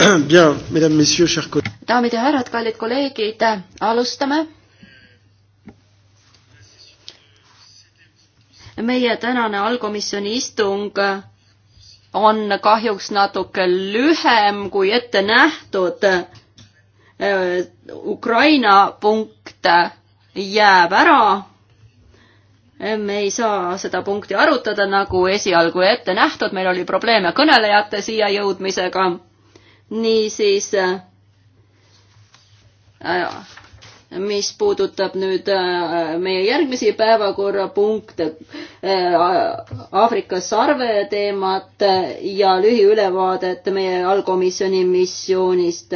Bien, mesdames, messieurs, chers collègues. daamid ja härrad, kallid kolleegid, alustame. meie tänane allkomisjoni istung on kahjuks natuke lühem kui ette nähtud. Ukraina punkt jääb ära. me ei saa seda punkti arutada nagu esialgu ette nähtud, meil oli probleeme kõnelejate siia jõudmisega niisiis, äh, äh, mis puudutab nüüd äh, meie järgmisi päevakorrapunkte, Aafrika sarve teemat ja lühiülevaadet meie allkomisjoni missioonist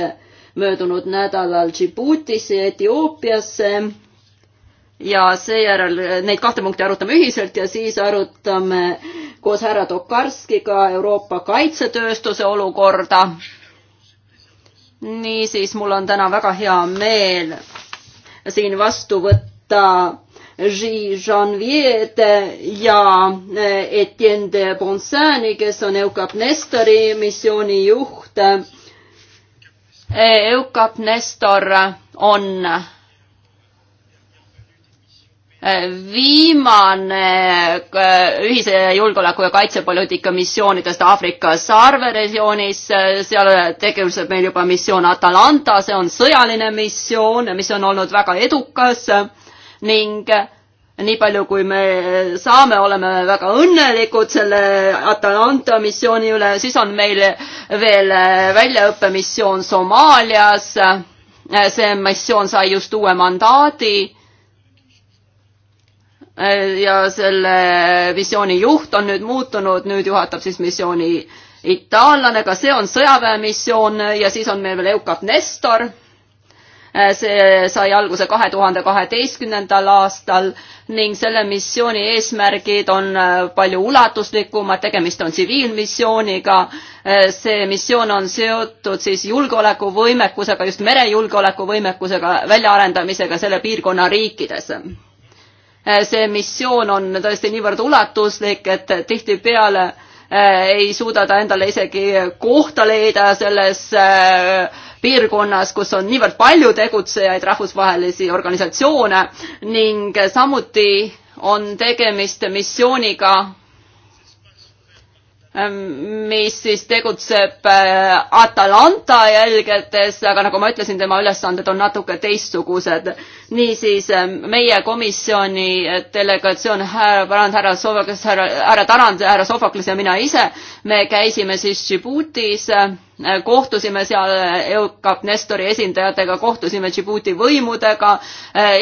möödunud nädalal Džiboutisse ja Etioopiasse ja seejärel neid kahte punkti arutame ühiselt ja siis arutame koos härra Tokarskiga Euroopa kaitsetööstuse olukorda niisiis, mul on täna väga hea meel siin vastu võtta Jean-Viet ja eh, Etienne de Bonsani, kes on EUCAP Nestori missiooni juht. EUCAP Nestor on viimane äh, ühise julgeoleku ja kaitsepoliitika missioonidest Aafrika sarveregioonis, seal tegutseb meil juba missioon Atalanta, see on sõjaline missioon, mis on olnud väga edukas ning äh, nii palju, kui me saame, oleme väga õnnelikud selle Atalanta missiooni üle, siis on meil veel äh, väljaõppemissioon Somaalias. see missioon sai just uue mandaadi Äh, ja selle missiooni juht on nüüd muutunud, nüüd juhatab siis missiooni itaallane, ka see on sõjaväemissioon ja siis on meil veel EUCAP Nestor. Äh, see sai alguse kahe tuhande kaheteistkümnendal aastal ning selle missiooni eesmärgid on äh, palju ulatuslikumad, tegemist on tsiviilmissiooniga. see missioon on seotud siis julgeolekuvõimekusega, just merejulgeolekuvõimekusega väljaarendamisega selle piirkonna riikides Eh, see missioon on tõesti niivõrd ulatuslik, et tihtipeale eh, ei suuda ta endale isegi kohta leida selles eh, piirkonnas, kus on niivõrd palju tegutsejaid, rahvusvahelisi organisatsioone ning samuti on tegemist missiooniga, ehm, mis siis tegutseb Atalanta jälgedes, aga nagu ma ütlesin, tema ülesanded on natuke teistsugused niisiis äh, meie komisjoni äh, delegatsioon härra Parand, härra Sovakles, härra, härra Tarand, härra Sovakles ja mina ise, me käisime siis Djiboutis, äh, kohtusime seal EUCAP Nestori esindajatega, kohtusime Djibouti võimudega.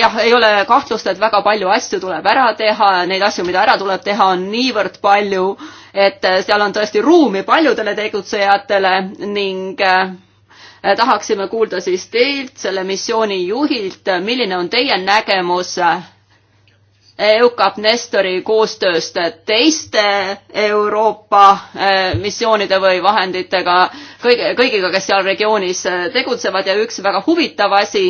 jah, ei ole kahtlust, et väga palju asju tuleb ära teha, neid asju, mida ära tuleb teha, on niivõrd palju, et seal on tõesti ruumi paljudele tegutsejatele ning Eh, tahaksime kuulda siis teilt, selle missiooni juhilt, eh, milline on teie nägemus eh, EUCAP Nestori koostööst teiste Euroopa missioonide või vahenditega, kõige, kõigiga, kes seal regioonis tegutsevad ja üks väga huvitav asi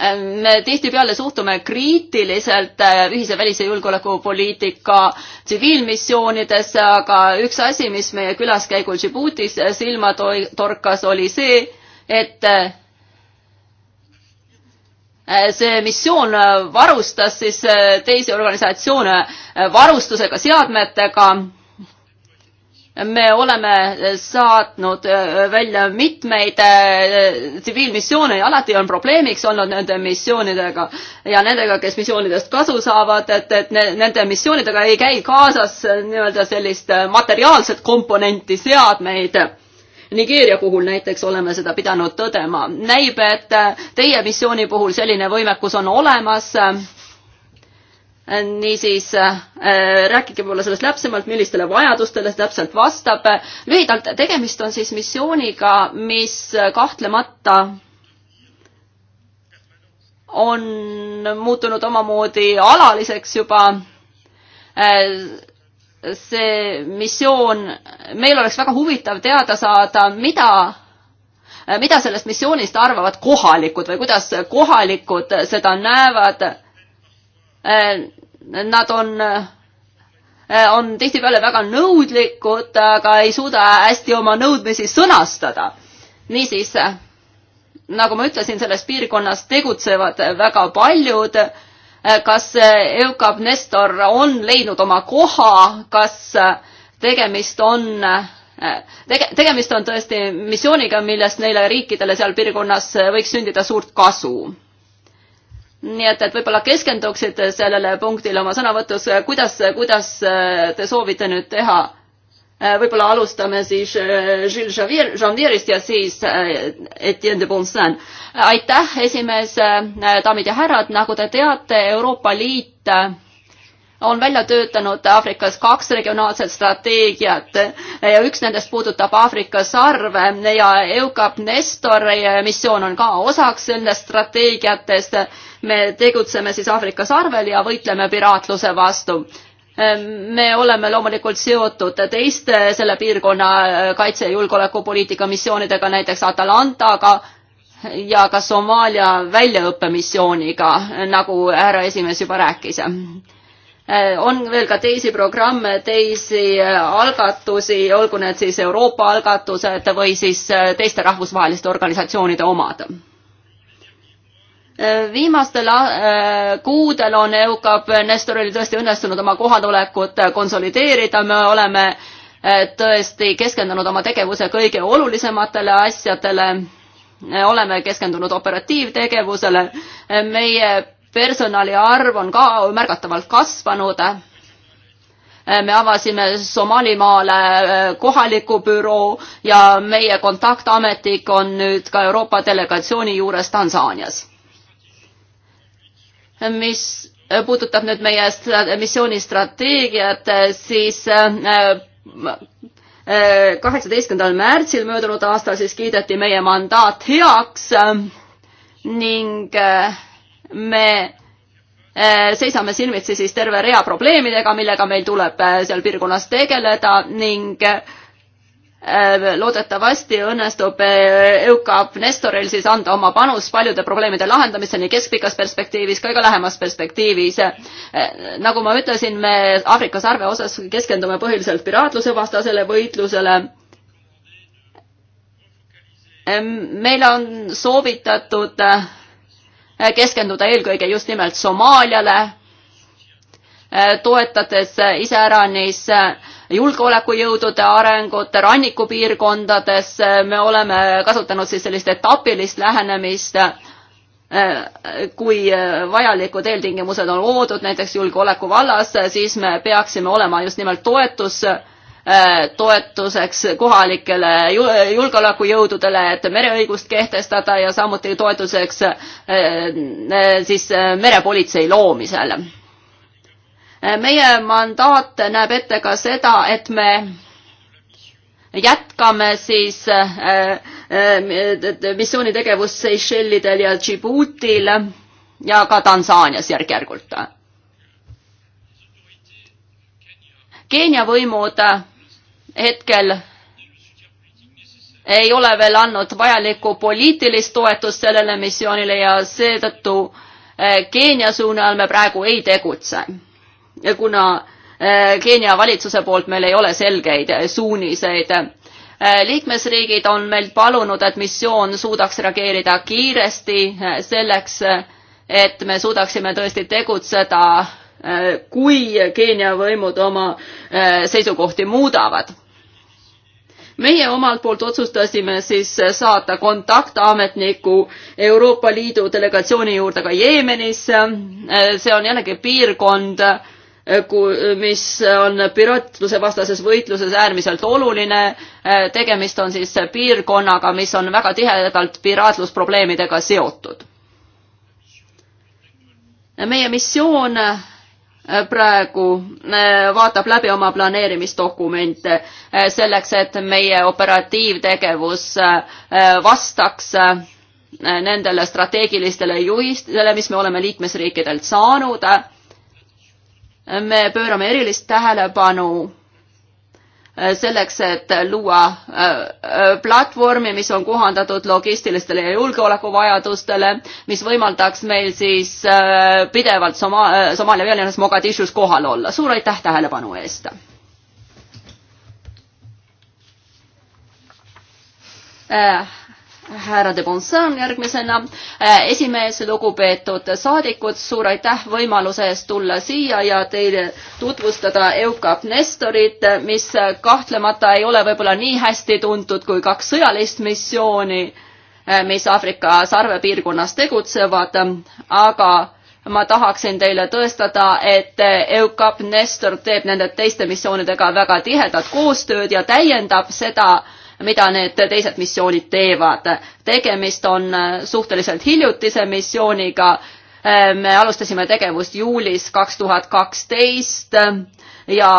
Ehm, me tihtipeale suhtume kriitiliselt äh, ühise välis- ja julgeolekupoliitika tsiviilmissioonidesse, aga üks asi, mis meie külaskäigul Džibutis äh, silma torkas, oli see, et äh, see missioon varustas siis teisi organisatsioone varustusega, seadmetega me oleme saatnud äh, välja mitmeid äh, tsiviilmissioone ja alati on probleemiks olnud nende missioonidega ja nendega, kes missioonidest kasu saavad, et, et nende missioonidega ei käi kaasas äh, nii-öelda sellist materiaalset komponenti, seadmeid. Nigeeria puhul näiteks oleme seda pidanud tõdema. näib, et teie missiooni puhul selline võimekus on olemas niisiis äh, rääkige mulle sellest täpsemalt, millistele vajadustele see täpselt vastab. lühidalt, tegemist on siis missiooniga, mis kahtlemata on muutunud omamoodi alaliseks juba. Äh, see missioon, meil oleks väga huvitav teada saada, mida äh, mida sellest missioonist arvavad kohalikud või kuidas kohalikud seda näevad Äh, nad on, äh, on tihtipeale väga nõudlikud, aga ei suuda hästi oma nõudmisi sõnastada. niisiis, äh, nagu ma ütlesin, selles piirkonnas tegutsevad väga paljud. kas EUCAP Nestor on leidnud oma koha, kas tegemist on tege-, tegemist on tõesti missiooniga, millest neile riikidele seal piirkonnas võiks sündida suurt kasu nii et, et võib-olla keskenduksite sellele punktile oma sõnavõtus, kuidas, kuidas te soovite nüüd teha? võib-olla alustame siis Gilles äh, Janvierist ja siis äh, Etienne de Bonsin. aitäh, esimees, äh, daamid ja härrad, nagu te teate, Euroopa Liit on välja töötanud Aafrikas kaks regionaalset strateegiat ja üks nendest puudutab Aafrika sarve ja EUCAP Nestori missioon on ka osaks nendest strateegiatest. me tegutseme siis Aafrika sarvel ja võitleme piraatluse vastu me oleme loomulikult seotud teiste selle piirkonna kaitse- ja julgeolekupoliitika missioonidega, näiteks Atalantaga ja ka Somaalia väljaõppemissiooniga, nagu härra esimees juba rääkis Äh, on veel ka teisi programme, teisi äh, algatusi, olgu need siis Euroopa algatused või siis äh, teiste rahvusvaheliste organisatsioonide omad viimastel kuudel on EUCAP Nestoril tõesti õnnestunud oma kohalolekut konsolideerida, me oleme tõesti keskendunud oma tegevuse kõige olulisematele asjadele, oleme keskendunud operatiivtegevusele, meie personali arv on ka märgatavalt kasvanud. me avasime Somaalimaale eh, kohaliku büroo ja meie kontaktametnik on nüüd ka Euroopa delegatsiooni juures Tansaanias. mis puudutab nüüd meie missiooni strateegiat, eh, siis eh, kaheksateistkümnendal märtsil möödunud aastal siis kiideti meie mandaat heaks ning me äh, seisame silmitsi siis terve rea probleemidega, millega meil tuleb äh, seal piirkonnas tegeleda ning äh, loodetavasti õnnestub EUCAP Nestoril siis anda oma panus paljude probleemide lahendamisse nii keskpikas perspektiivis kui ka lähemas perspektiivis. nagu ma ütlesin, me Aafrika sarve osas keskendume põhiliselt piraatluse vastasele võitlusele. meile on soovitatud Eh, keskenduda eelkõige just nimelt Somaaliale, eh, toetades eh, iseäranis julgeolekujõudude arengut rannikupiirkondades, me oleme kasutanud siis sellist etapilist lähenemist, kui vajalikud eeltingimused on loodud näiteks julgeoleku vallas, siis me peaksime olema just nimelt toetus Äh, toetuseks kohalikele julgeolekujõududele, et mereõigust kehtestada ja samuti toetuseks äh, äh, siis merepolitsei loomisel. meie mandaat näeb ette ka seda, et me jätkame siis missioonitegevust Seychellidel ja Djiboutil ja ka Tansaanias järk-järgult. Keenia võimud hetkel ei ole veel andnud vajalikku poliitilist toetust sellele missioonile ja seetõttu eh, Keenia suunal me praegu ei tegutse. kuna eh, Keenia valitsuse poolt meil ei ole selgeid eh, suuniseid. liikmesriigid on meilt palunud, et missioon suudaks reageerida kiiresti selleks, et me suudaksime tõesti tegutseda, kui Keenia võimud oma seisukohti muudavad meie omalt poolt otsustasime siis saata kontaktametniku Euroopa Liidu delegatsiooni juurde ka Jeemenisse. see on jällegi piirkond, mis on piraatluse vastases võitluses äärmiselt oluline. tegemist on siis piirkonnaga, mis on väga tihedalt piraatlusprobleemidega seotud. meie missioon Äh, praegu äh, vaatab läbi oma planeerimisdokumente äh, selleks, et meie operatiivtegevus vastaks nendele strateegilistele juhistele, mis me oleme liikmesriikidelt saanud. me pöörame erilist tähelepanu Äh, selleks, et luua äh, äh, platvormi, mis on kohandatud logistilistele ja julgeolekuvajadustele, mis võimaldaks meil siis pidevalt Soma-, Somaalia pealinnas Mogadishus kohal olla. suur aitäh tähelepanu eest! härra de Bonson järgmisena. Äh, esimees, lugupeetud saadikud, suur aitäh võimaluse eest tulla siia ja teile tutvustada EUCAP Nestorit, mis kahtlemata ei ole võib-olla nii hästi tuntud kui kaks sõjalist missiooni, äh, mis Aafrika sarvepiirkonnas tegutsevad, aga ma tahaksin teile tõestada, et EUCAP Nestor teeb nende teiste missioonidega väga tihedat koostööd ja täiendab seda mida need teised missioonid teevad. tegemist on äh, suhteliselt hiljutise missiooniga. Äh, me alustasime tegevust juulis kaks tuhat kaksteist ja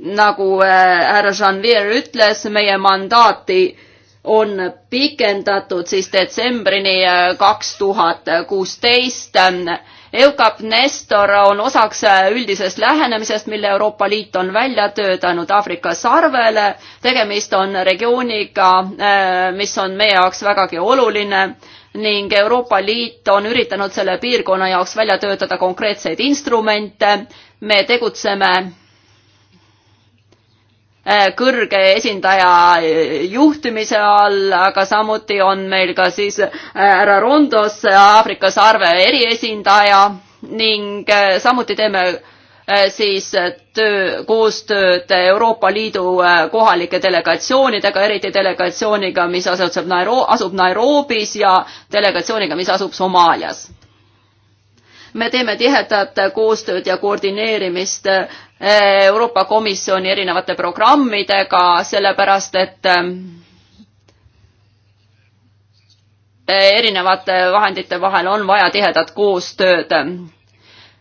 nagu äh, härra Janvier ütles, meie mandaati on pikendatud siis detsembrini kaks tuhat kuusteist EUCAP Nestor on osaks äh, üldisest lähenemisest, mille Euroopa Liit on välja töötanud Aafrika sarvele. tegemist on regiooniga, äh, mis on meie jaoks vägagi oluline ning Euroopa Liit on üritanud selle piirkonna jaoks välja töötada konkreetseid instrumente. me tegutseme Äh, kõrge esindaja juhtimise all, aga samuti on meil ka siis äh, härra Rondos äh, Aafrika sarve eriesindaja ning samuti teeme siis töö, koostööd Euroopa Liidu kohalike delegatsioonidega, eriti delegatsiooniga, mis asub Nairo-, asub Nairobis ja delegatsiooniga, mis asub Somaalias. me teeme tihedat koostööd ja koordineerimist Eh, Euroopa Komisjoni erinevate programmidega, sellepärast et eh, eh, erinevate vahendite vahel on vaja tihedat koostööd.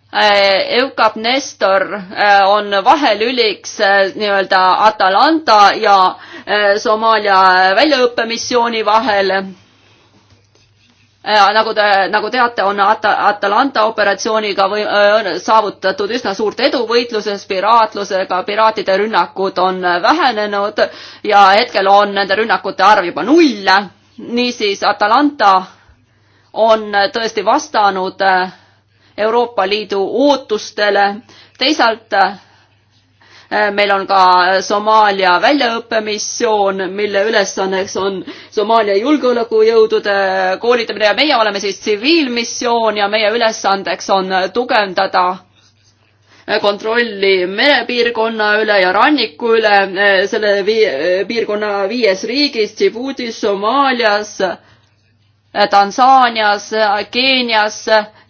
EUCAP Nestor on vahelüliks nii-öelda Atalanta ja Somaalia väljaõppemissiooni vahel Äh, nagu te, nagu teate, on At-, Atalanta operatsiooniga või öö, äh, saavutatud üsna suurt edu võitluses piraatlusega, piraatide rünnakud on vähenenud ja hetkel on nende rünnakute arv juba null. niisiis Atalanta on tõesti vastanud äh, Euroopa Liidu ootustele, teisalt Äh, meil on ka äh, Somaalia väljaõppemissioon, mille ülesanneks on Somaalia julgeolekujõudude koolitamine ja meie oleme siis tsiviilmissioon ja meie ülesandeks on äh, tugevdada kontrolli merepiirkonna üle ja ranniku üle, selle vii, piirkonna viies riigis, Djiboutis, Somaalias, Tansaanias, Keenias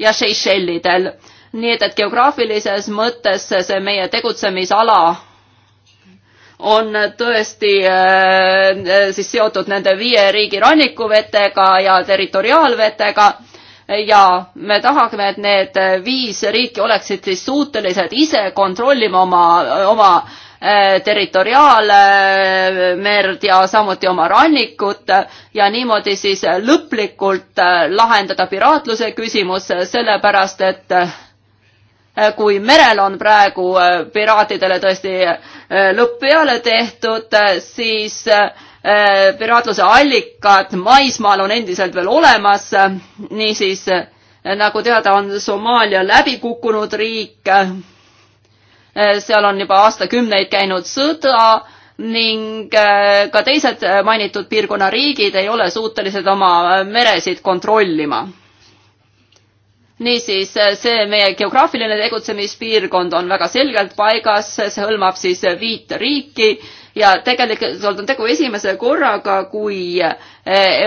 ja Seychellidel nii et, et geograafilises mõttes see meie tegutsemisala on tõesti äh, siis seotud nende viie riigi rannikuvetega ja territoriaalvetega ja me tahame, et need viis riiki oleksid siis suutelised ise kontrollima oma, oma äh, territoriaalmerd äh, ja samuti oma rannikut ja niimoodi siis lõplikult lahendada piraatluse küsimus, sellepärast et Äh, kui merel on praegu äh, piraatidele tõesti äh, lõpp peale tehtud, siis piraatluse allikad maismaal on endiselt veel olemas. niisiis, nagu teada, on Somaalia läbikukkunud riik. seal on juba aastakümneid käinud sõda ning ka teised mainitud piirkonna riigid ei ole suutelised oma meresid kontrollima niisiis, äh, see meie geograafiline tegutsemispiirkond on väga selgelt paigas, see hõlmab siis äh, viit riiki ja tegelikult on tegu esimese korraga, kui äh,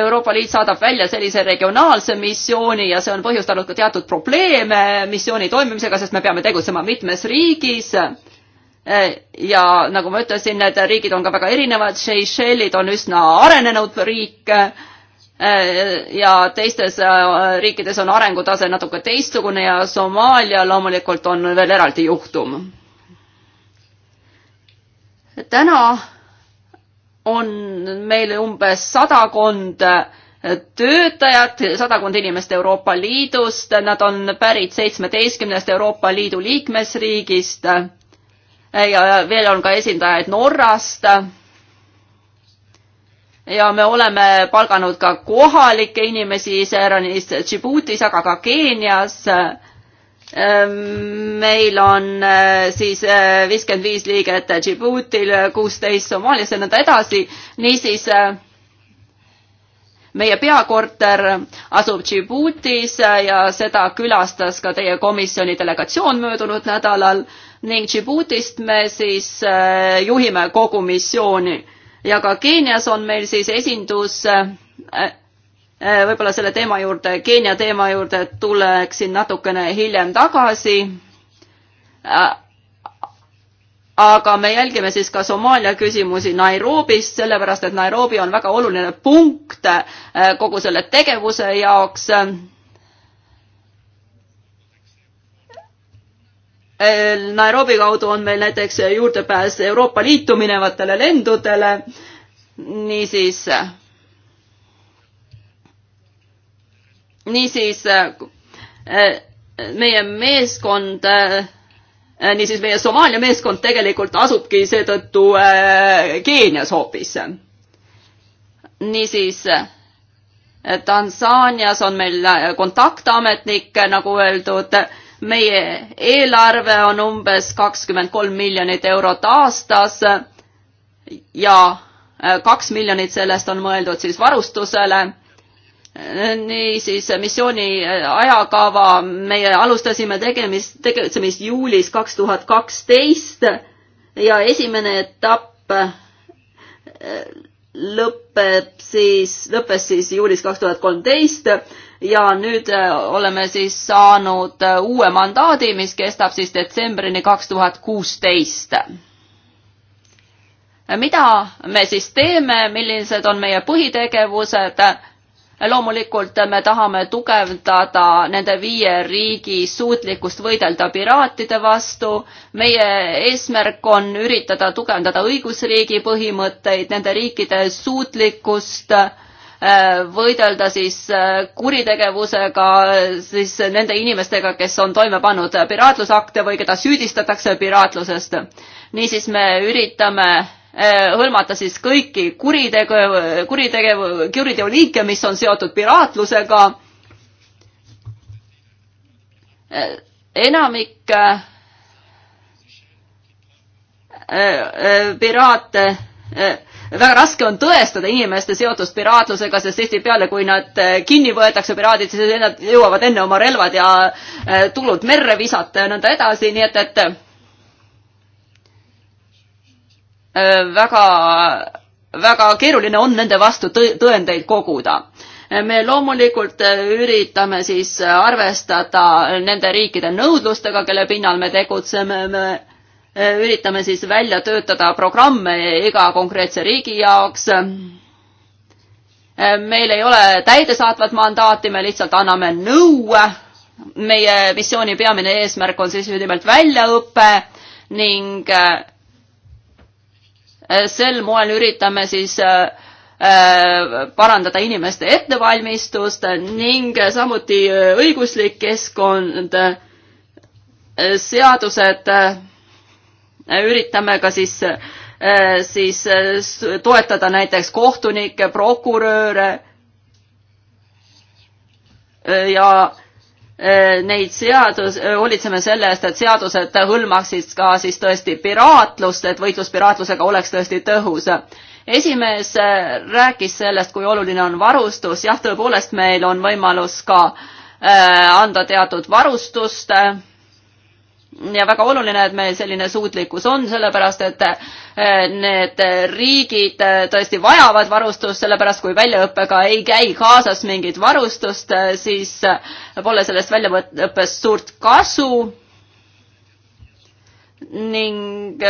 Euroopa Liit saadab välja sellise regionaalse missiooni ja see on põhjustanud ka teatud probleeme missiooni toimimisega, sest me peame tegutsema mitmes riigis ja nagu ma ütlesin, need riigid on ka väga erinevad, Seychellid on üsna arenenud riik Äh, ja teistes äh, riikides on arengutase natuke teistsugune ja Somaalia loomulikult on veel eraldi juhtum. täna on meil umbes sadakond töötajat, sadakond inimest Euroopa Liidust, nad on pärit seitsmeteistkümnest Euroopa Liidu liikmesriigist ja veel on ka esindajaid Norrast ja me oleme palganud ka kohalikke inimesi iseäranis Djiboutis, aga ka Keenias. Ehm, meil on eh, siis eh, viiskümmend viis liiget Djiboutil, kuusteist Somaalias ja nõnda edasi. niisiis eh, meie peakorter asub Djiboutis ja seda külastas ka teie komisjoni delegatsioon möödunud nädalal ning Djiboutist me siis juhime kogu missiooni ja ka Keenias on meil siis esindus äh, äh, võib-olla selle teema juurde, Keenia teema juurde tuleksin natukene hiljem tagasi. Äh, aga me jälgime siis ka Somaalia küsimusi Nairobist, sellepärast et Nairobi on väga oluline punkt kogu selle tegevuse jaoks Äh, Nairobi kaudu on meil näiteks juurdepääs Euroopa Liitu minevatele lendudele. niisiis, niisiis äh, meie meeskond, äh, niisiis meie Somaalia meeskond tegelikult asubki seetõttu Keenias hoopis. niisiis Tansaanias on meil kontaktametnik, nagu öeldud meie eelarve on umbes kakskümmend kolm miljonit eurot aastas ja äh, kaks miljonit sellest on mõeldud siis varustusele niisiis missiooni äh, ajakava, meie alustasime tegemist, tegutsemist juulis kaks tuhat kaksteist ja esimene etapp äh, lõpeb siis, lõppes siis juulis kaks tuhat kolmteist ja nüüd äh, oleme siis saanud äh, uue mandaadi, mis kestab siis detsembrini kaks tuhat kuusteist. mida me siis teeme, millised on meie põhitegevused? loomulikult me tahame tugevdada nende viie riigi suutlikkust võidelda piraatide vastu. meie eesmärk on üritada tugevdada õigusriigi põhimõtteid, nende riikide suutlikkust äh, võidelda siis äh, kuritegevusega, siis nende inimestega, kes on toime pannud piraatlusakte või keda süüdistatakse piraatlusest. niisiis me üritame Eh, hõlmata siis kõiki kuritegu, kuritegev, kuriteoliike, mis on seotud piraatlusega. Eh, enamik eh, piraate, väga raske on tõestada inimeste seotust piraatlusega, sest tihtipeale, kui nad kinni võetakse piraadid, siis nad jõuavad enne oma relvad ja tulud merre visata ja nõnda edasi, nii et, et Äh, väga, väga keeruline on nende vastu tõendeid koguda. Äh, me loomulikult äh, üritame siis arvestada nende riikide nõudlustega, kelle pinnal me tegutseme, me üritame siis välja töötada programme iga konkreetse riigi jaoks. meil ei ole täidesaatvat mandaati, me lihtsalt anname nõu. meie missiooni peamine eesmärk on siis nimelt väljaõpe ning äh, Eh, sel moel üritame siis eh, eh, parandada inimeste ettevalmistust ning samuti õiguslik keskkond, seadused, üritame ka siis, siis toetada näiteks kohtunikke, prokuröre ja Äh, neid seadus, äh, hoolitseme selle eest, et seadused hõlmaksid ka siis tõesti piraatlust, et võitlus piraatlusega oleks tõesti tõhus. esimees äh, rääkis sellest, kui oluline on varustus, jah, tõepoolest meil on võimalus ka anda teatud varustust äh, ja väga oluline, et meil selline suutlikkus on, sellepärast et eh, need riigid eh, tõesti vajavad varustust, sellepärast kui väljaõppega ei käi kaasas mingit varustust, eh, siis pole sellest väljaõppest suurt kasu. ning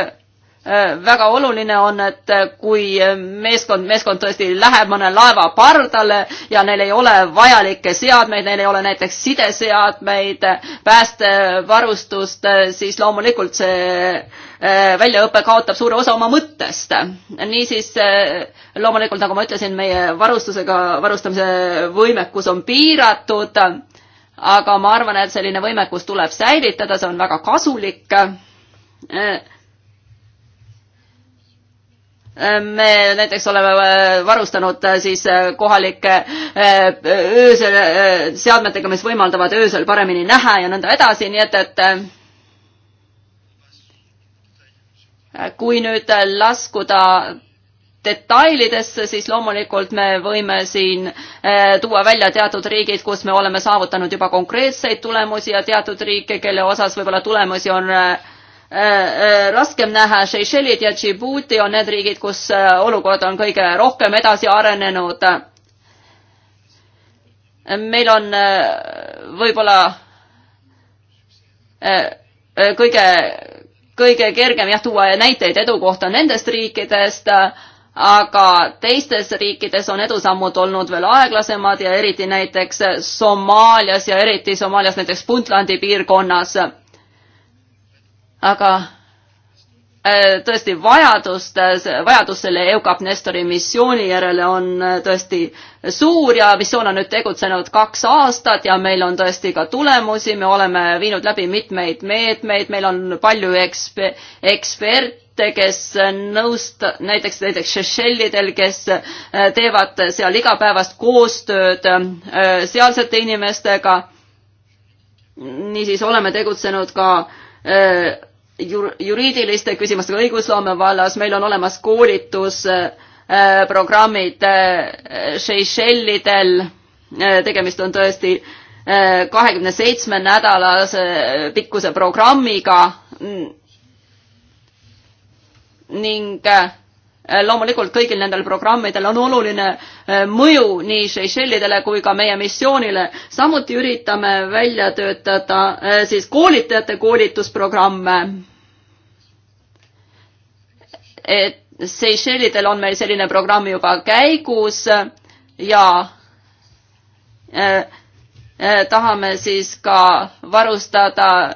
Äh, väga oluline on, et äh, kui äh, meeskond, meeskond tõesti läheb mõne laeva pardale ja neil ei ole vajalikke seadmeid, neil ei ole näiteks sideseadmeid, päästevarustust, siis loomulikult see väljaõpe kaotab suure osa oma mõttest. niisiis loomulikult, nagu ma ütlesin, meie varustusega varustamise võimekus on piiratud, aga ma arvan, et selline võimekus tuleb säilitada, see on väga kasulik me näiteks oleme äh, varustanud äh, siis äh, kohalike öösel seadmetega, mis võimaldavad öösel paremini näha ja nõnda edasi, nii et, et kui nüüd laskuda detailidesse, siis loomulikult me võime siin tuua välja teatud riigid, kus me oleme saavutanud juba konkreetseid tulemusi ja teatud riike, kelle osas võib-olla tulemusi on äh, Äh, äh, raskem näha, Seychellid ja Djibouti on need riigid, kus äh, olukord on kõige rohkem edasi arenenud. meil on võib-olla kõige, kõige kergem jah, tuua näiteid edu kohta nendest riikidest, aga teistes riikides on edusammud olnud veel aeglasemad ja eriti näiteks Somaalias ja eriti Somaalias näiteks Puntlandi piirkonnas aga äh, tõesti vajadust, äh, vajadus selle EUCAP Nestori missiooni järele on äh, tõesti suur ja missioon on nüüd tegutsenud kaks aastat ja meil on tõesti ka tulemusi, me oleme viinud läbi mitmeid meetmeid, meil on palju eksper-, eksperte, kes nõust-, näiteks, näiteks Seychellidel, kes teevad seal igapäevast koostööd sealsete inimestega. niisiis oleme tegutsenud ka öö, juriidiliste küsimustega õigusloome vallas, meil on olemas koolitusprogrammid äh, äh, Seychellidel, äh, tegemist on tõesti kahekümne seitsme nädalase pikkuse programmiga mm, ning Äh, loomulikult kõigil nendel programmidel on oluline äh, mõju nii Seychellidele kui ka meie missioonile. samuti üritame välja töötada äh, siis koolitajate koolitusprogramme. et Seychellidel on meil selline programm juba käigus ja tahame siis ka varustada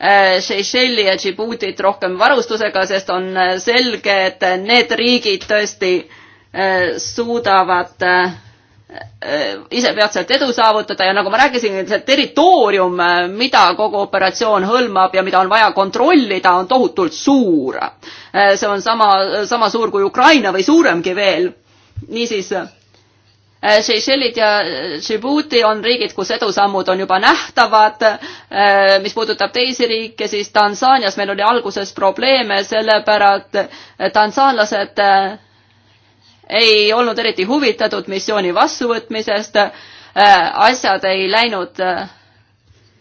Äh, Seychelli ja Djiboutit rohkem varustusega, sest on äh, selge, et need riigid tõesti äh, suudavad isepeatselt edu saavutada ja nagu ma rääkisin, see territoorium, mida kogu operatsioon hõlmab ja mida on vaja kontrollida, on tohutult suur. see on sama, sama suur kui Ukraina või suuremgi veel. niisiis Äh, Seychellid ja Djibouti on riigid, kus edusammud on juba nähtavad. Äh, mis puudutab teisi riike, siis Tansaanias meil oli alguses probleeme, sellepärast äh, tansaanlased ei olnud eriti huvitatud missiooni vastuvõtmisest. asjad ei läinud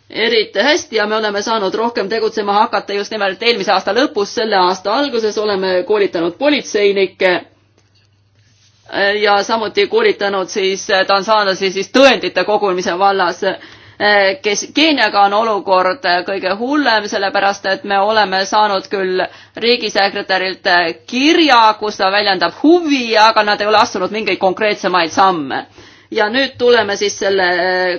eriti hästi ja me oleme saanud rohkem tegutsema hakata just nimelt eelmise aasta lõpus, selle aasta alguses oleme koolitanud politseinikke Äh, ja samuti koolitanud siis äh, tansaanlasi siis tõendite kogumise vallas äh, kes Keeniaga on olukord kõige hullem, sellepärast et me oleme saanud küll riigisekretärilt kirja, kus ta väljendab huvi, aga nad ei ole astunud mingeid konkreetsemaid samme. ja nüüd tuleme siis selle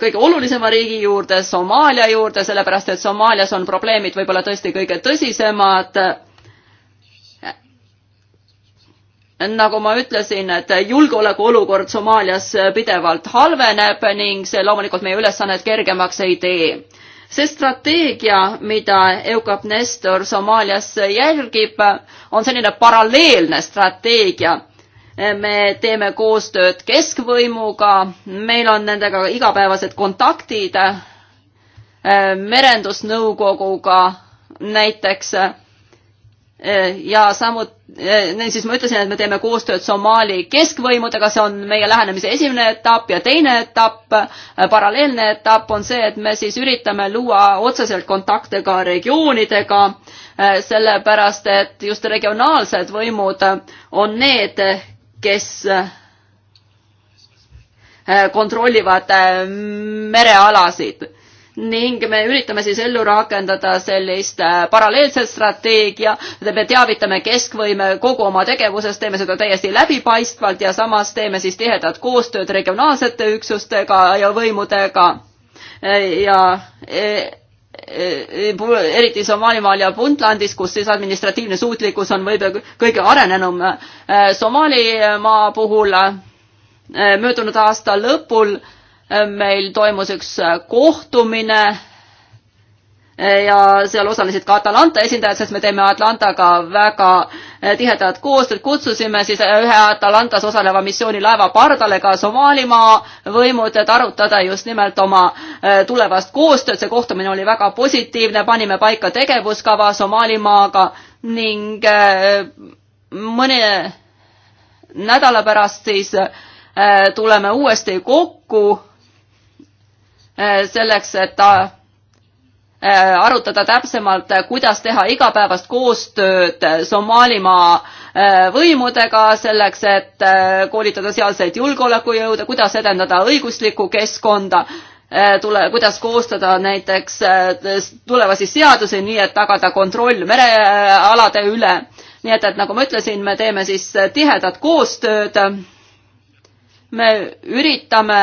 kõige olulisema riigi juurde, Somaalia juurde, sellepärast et Somaalias on probleemid võib-olla tõesti kõige tõsisemad nagu ma ütlesin, et julgeolekuolukord Somaalias pidevalt halveneb ning see loomulikult meie ülesannet kergemaks ei tee. see strateegia, mida EUCAP Nestor Somaalias jälgib, on selline paralleelne strateegia. me teeme koostööd keskvõimuga, meil on nendega igapäevased kontaktid merendusnõukoguga näiteks Eh, ja samuti, eh, siis ma ütlesin, et me teeme koostööd Somaali keskvõimudega, see on meie lähenemise esimene etapp ja teine etapp, eh, paralleelne etapp on see, et me siis üritame luua otseselt kontakte ka regioonidega, sellepärast et just regionaalsed võimud on need, kes kontrollivad merealasid ning me üritame siis ellu rakendada sellist äh, paralleelset strateegia, me teavitame keskvõime kogu oma tegevusest, teeme seda täiesti läbipaistvalt ja samas teeme siis tihedat koostööd regionaalsete üksustega ja võimudega äh, ja e, e, e, eriti Somaalimaal ja Puntlandis, kus siis administratiivne suutlikkus on võib-olla kõige arenenum äh, Somaalimaa puhul möödunud aasta lõpul äh, meil toimus üks äh, kohtumine äh, ja seal osalesid ka Atalanta esindajad, sest me teeme Atlantaga väga äh, tihedat koostööd. kutsusime siis ühe Atalantas osaleva missiooni laeva pardale ka Somaalimaa võimud, et arutada just nimelt oma tulevast koostööd. see kohtumine oli väga positiivne, panime paika tegevuskava Somaalimaaga ning mõne nädala pärast siis tuleme uuesti kokku Eh, selleks, et eh, arutada täpsemalt, eh, kuidas teha igapäevast koostööd Somaalimaa võimudega selleks, et koolitada sealseid julgeolekujõude, kuidas edendada õiguslikku keskkonda, tule, kuidas koostada näiteks tulevasi seadusi, nii et tagada kontroll merealade üle. nii et, et nagu ma ütlesin, me teeme siis tihedat koostööd. me üritame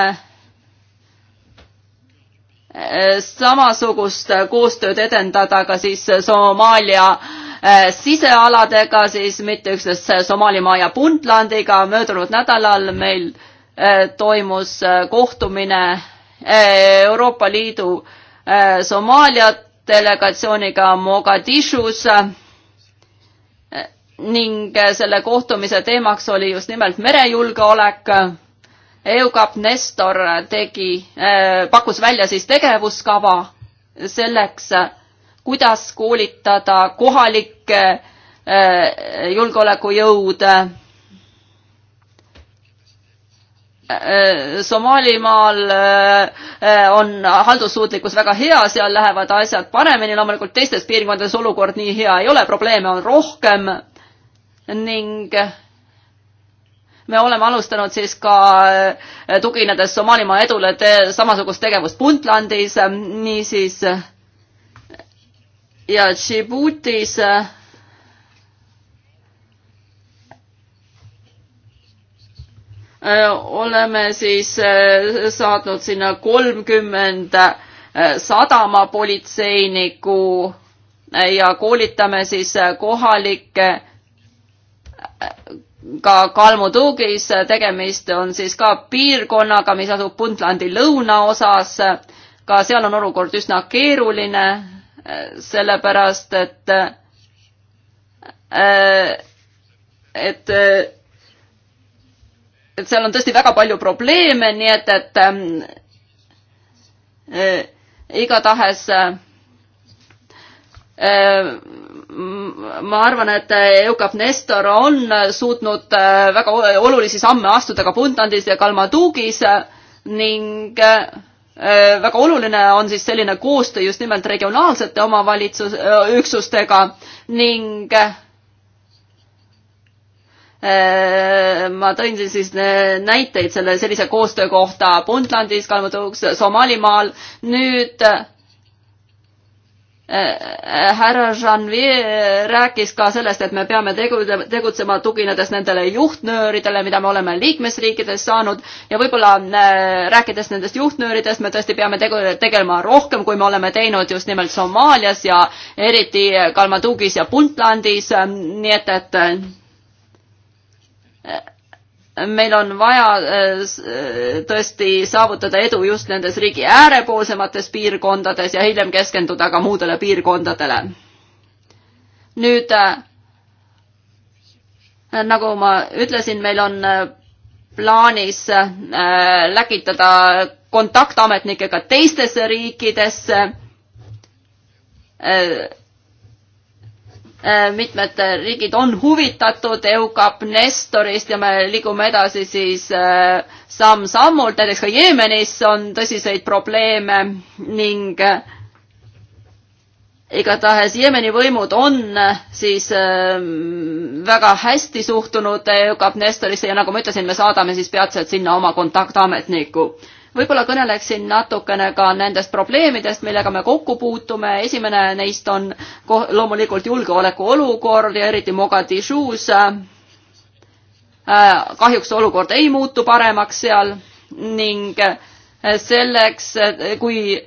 Eh, samasugust koostööd edendada ka siis Somaalia eh, sisealadega, siis mitte üksnes Somaalimaa ja Puntlandiga. möödunud nädalal meil eh, toimus kohtumine Euroopa Liidu Somaalia delegatsiooniga Mogadishus ning selle kohtumise teemaks oli just nimelt merejulgeolek EUCAP Nestor tegi, äh, pakkus välja siis tegevuskava selleks, äh, kuidas koolitada kohalikke äh, julgeolekujõude Somaalimaal on haldussuutlikkus väga hea, seal lähevad asjad paremini, loomulikult teistes piirkondades olukord nii hea ei ole, probleeme on rohkem ning me oleme alustanud siis ka äh, tuginedes Somaalimaa edule te samasugust tegevust Puntlandis, äh, niisiis ja Džibutis. Äh, oleme siis saatnud sinna kolmkümmend sadamapolitseinikku ja koolitame siis kohalikke ka Kalmutugis, tegemist on siis ka piirkonnaga, mis asub Puntlandi lõunaosas. ka seal on olukord üsna keeruline, sellepärast et, et, et seal on tõesti väga palju probleeme, nii et, et igatahes ma arvan, et Eukap Nestor on suutnud äh, väga olulisi samme astuda ka Puntlandis ja Kalmatuugis ning äh, väga oluline on siis selline koostöö just nimelt regionaalsete omavalitsus, äh, üksustega ning ma tõin siis näiteid selle sellise koostöö kohta Puntlandis, Kalmatuugs, Somaalimaal. nüüd härra Janvier äh, rääkis ka sellest, et me peame tegutsema tuginedes nendele juhtnööridele, mida me oleme liikmesriikides saanud ja võib-olla äh, rääkides nendest juhtnööridest, me tõesti peame tegu-, tegelema rohkem, kui me oleme teinud just nimelt Somaalias ja eriti Kalmadugis ja Puntlandis, äh, nii et, et meil on vaja äh, äh, tõesti saavutada edu just nendes riigi äärepoolsemates piirkondades ja hiljem keskenduda ka muudele piirkondadele. nüüd äh, nagu ma ütlesin, meil on plaanis läkitada kontaktametnikega teistesse riikidesse Äh, mitmed riigid on huvitatud EUCAP Nestorist ja me liigume edasi siis äh, samm-sammult, näiteks ka Jeemenis on tõsiseid probleeme ning äh, igatahes Jeemeni võimud on siis väga hästi suhtunud EUCAP Nestorisse ja nagu ma ütlesin, me saadame siis peatselt sinna oma kontaktametniku võib-olla kõneleksin natukene ka nendest probleemidest, millega me kokku puutume. esimene neist on loomulikult julgeolekuolukord ja eriti Mogadishus. Äh, kahjuks olukord ei muutu paremaks seal ning äh, selleks, kui,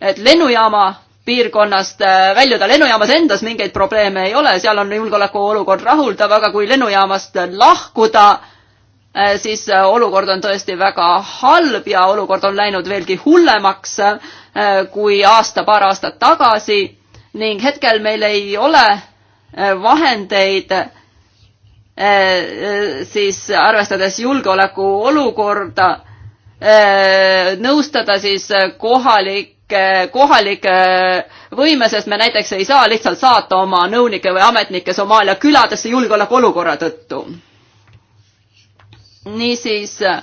et lennujaama piirkonnast äh, väljuda. lennujaamas endas mingeid probleeme ei ole, seal on julgeolekuolukord rahuldav, aga kui lennujaamast lahkuda, Äh, siis äh, olukord on tõesti väga halb ja olukord on läinud veelgi hullemaks äh, kui aasta-paar aastat tagasi ning hetkel meil ei ole vahendeid siis arvestades julgeoleku olukorda nõustada siis kohalike, kohalike võime, sest me näiteks ei saa lihtsalt saata oma nõunikke või ametnikke Somaalia küladesse julgeolekuolukorra tõttu niisiis äh,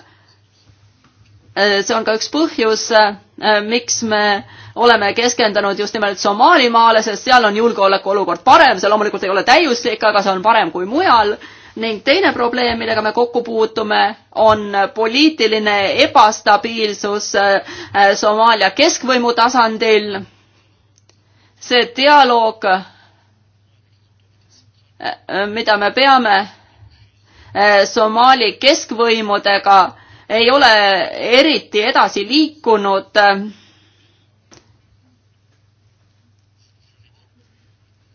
see on ka üks põhjus, äh, miks me oleme keskendunud just nimelt Somaalimaale, sest seal on julgeolekuolukord parem, see loomulikult ei ole täiuslik, aga see on parem kui mujal ning teine probleem, millega me kokku puutume, on poliitiline ebastabiilsus äh, Somaalia keskvõimu tasandil. see dialoog, mida me peame Eh, Somaali keskvõimudega ei ole eriti edasi liikunud.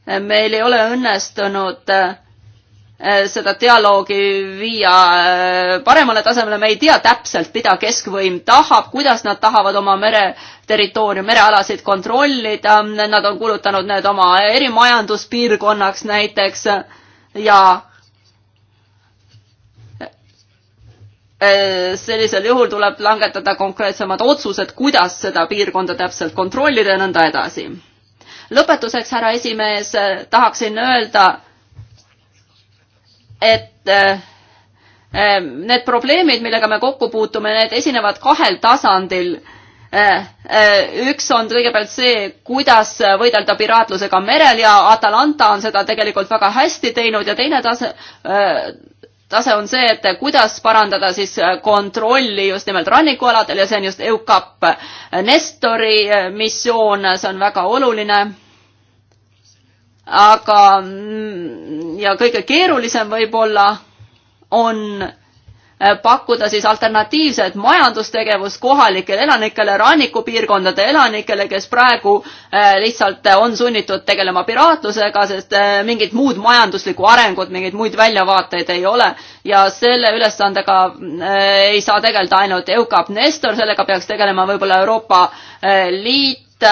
Eh, meil ei ole õnnestunud eh, seda dialoogi viia paremale tasemele, me ei tea täpselt, mida keskvõim tahab, kuidas nad tahavad oma mereterritooriumi, merealasid kontrollida, nad on kuulutanud need oma erimajanduspiirkonnaks näiteks ja Äh, sellisel juhul tuleb langetada konkreetsemad otsused, kuidas seda piirkonda täpselt kontrollida ja nõnda edasi. lõpetuseks, härra esimees, äh, tahaksin öelda, et äh, need probleemid, millega me kokku puutume, need esinevad kahel tasandil. üks on kõigepealt see, kuidas võidelda piraatlusega merel ja Atalanta on seda tegelikult väga hästi teinud ja teine tase tase on see, et kuidas parandada siis kontrolli just nimelt rannikualadel ja see on just EUCAP Nestori missioon, see on väga oluline. aga mm, ja kõige keerulisem võib-olla on Äh, pakkuda siis alternatiivset majandustegevust kohalikele elanikele, rannikupiirkondade elanikele, kes praegu äh, lihtsalt äh, on sunnitud tegelema piraatlusega, sest mingit muud majanduslikku arengut, mingeid muid väljavaateid ei ole. ja selle ülesandega ei saa tegeleda ainult EUCAP Nestor, sellega peaks tegelema võib-olla Euroopa Liit,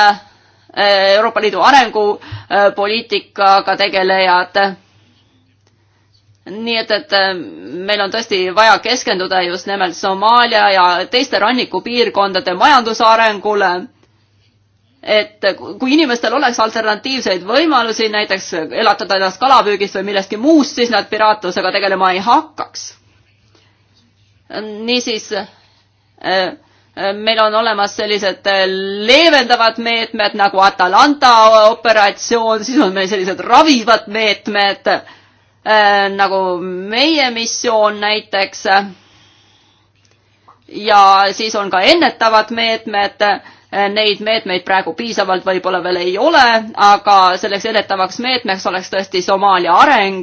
Euroopa Liidu arengupoliitikaga tegelejad nii et, et äh, meil on tõesti vaja keskenduda just nimelt Somaalia ja teiste rannikupiirkondade majandusarengule. et kui inimestel oleks alternatiivseid võimalusi, näiteks elatada ennast kalapüügist või millestki muust, siis nad piraatlusega tegelema ei hakkaks. niisiis äh, äh, meil on olemas sellised leevendavad meetmed nagu Atalanta operatsioon, siis on meil sellised ravivad meetmed Äh, nagu meie missioon näiteks. ja siis on ka ennetavad meetmed. Äh, neid meetmeid praegu piisavalt võib-olla veel ei ole, aga selleks ennetavaks meetmeks oleks tõesti Somaalia areng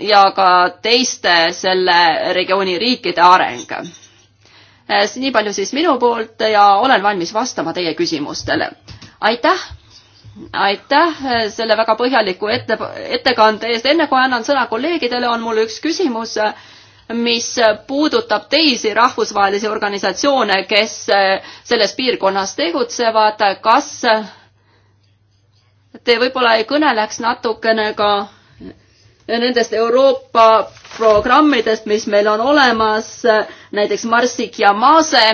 ja ka teiste selle regiooni riikide areng. Äh, nii palju siis minu poolt ja olen valmis vastama teie küsimustele. aitäh! aitäh selle väga põhjaliku ette, ettekande eest. enne kui annan sõna kolleegidele, on mul üks küsimus, mis puudutab teisi rahvusvahelisi organisatsioone, kes selles piirkonnas tegutsevad. kas te võib-olla ei kõneleks natukene ka nendest Euroopa programmidest, mis meil on olemas, näiteks Marsik ja Maase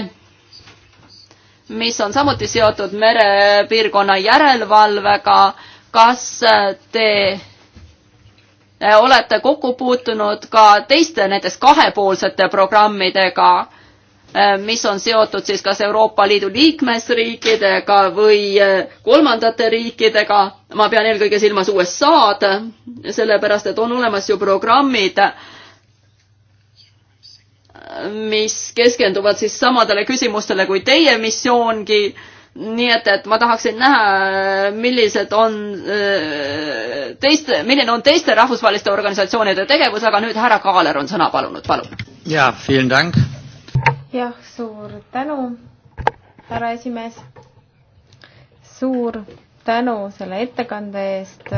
mis on samuti seotud merepiirkonna järelevalvega. kas te eh, olete kokku puutunud ka teiste näiteks kahepoolsete programmidega, eh, mis on seotud siis kas Euroopa Liidu liikmesriikidega või eh, kolmandate riikidega, ma pean eelkõige silmas USA-d, sellepärast et on olemas ju programmid, mis keskenduvad siis samadele küsimustele kui teie missioongi nii et, et ma tahaksin näha, millised on äh, teiste, milline on teiste rahvusvaheliste organisatsioonide tegevus, aga nüüd härra Kaaler on sõna palunud, palun. jaa, jah, suur tänu, härra esimees. suur tänu selle ettekande eest.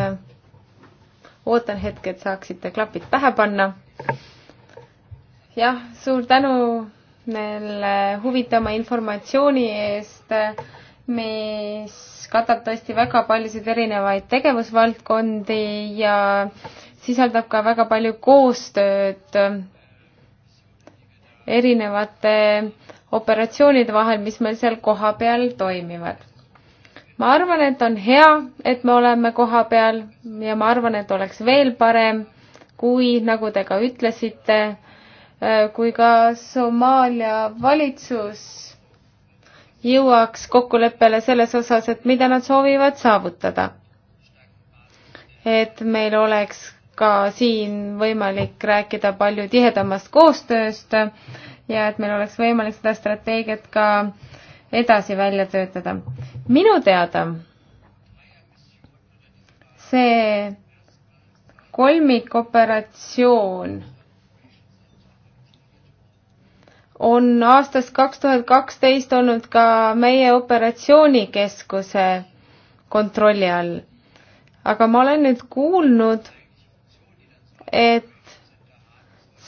ootan hetke, et saaksite klapid pähe panna jah, suur tänu selle huvitava informatsiooni eest, mis katab tõesti väga paljusid erinevaid tegevusvaldkondi ja sisaldab ka väga palju koostööd erinevate operatsioonide vahel, mis meil seal kohapeal toimivad. ma arvan, et on hea, et me oleme kohapeal ja ma arvan, et oleks veel parem, kui, nagu te ka ütlesite, Äh, kui ka Somaalia valitsus jõuaks kokkuleppele selles osas, et mida nad soovivad saavutada. et meil oleks ka siin võimalik rääkida palju tihedamast koostööst ja et meil oleks võimalik seda strateegiat ka edasi välja töötada. minu teada see kolmikoperatsioon on aastast kaks tuhat kaksteist olnud ka meie operatsioonikeskuse kontrolli all. aga ma olen nüüd kuulnud, et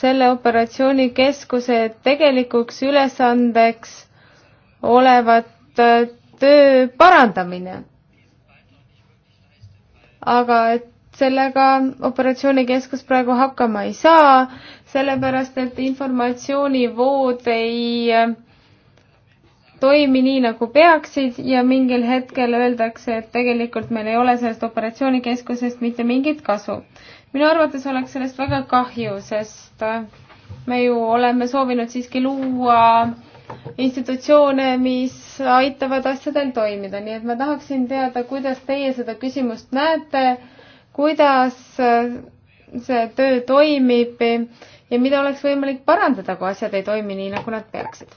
selle operatsioonikeskuse tegelikuks ülesandeks olevat äh, töö parandamine. aga et sellega operatsioonikeskus praegu hakkama ei saa, sellepärast et informatsioonivood ei äh, toimi nii, nagu peaksid ja mingil hetkel öeldakse, et tegelikult meil ei ole sellest operatsioonikeskusest mitte mingit kasu. minu arvates oleks sellest väga kahju, sest äh, me ju oleme soovinud siiski luua institutsioone, mis aitavad asjadel toimida, nii et ma tahaksin teada, kuidas teie seda küsimust näete, kuidas äh, see töö toimib ja mida oleks võimalik parandada, kui asjad ei toimi nii, nagu nad peaksid.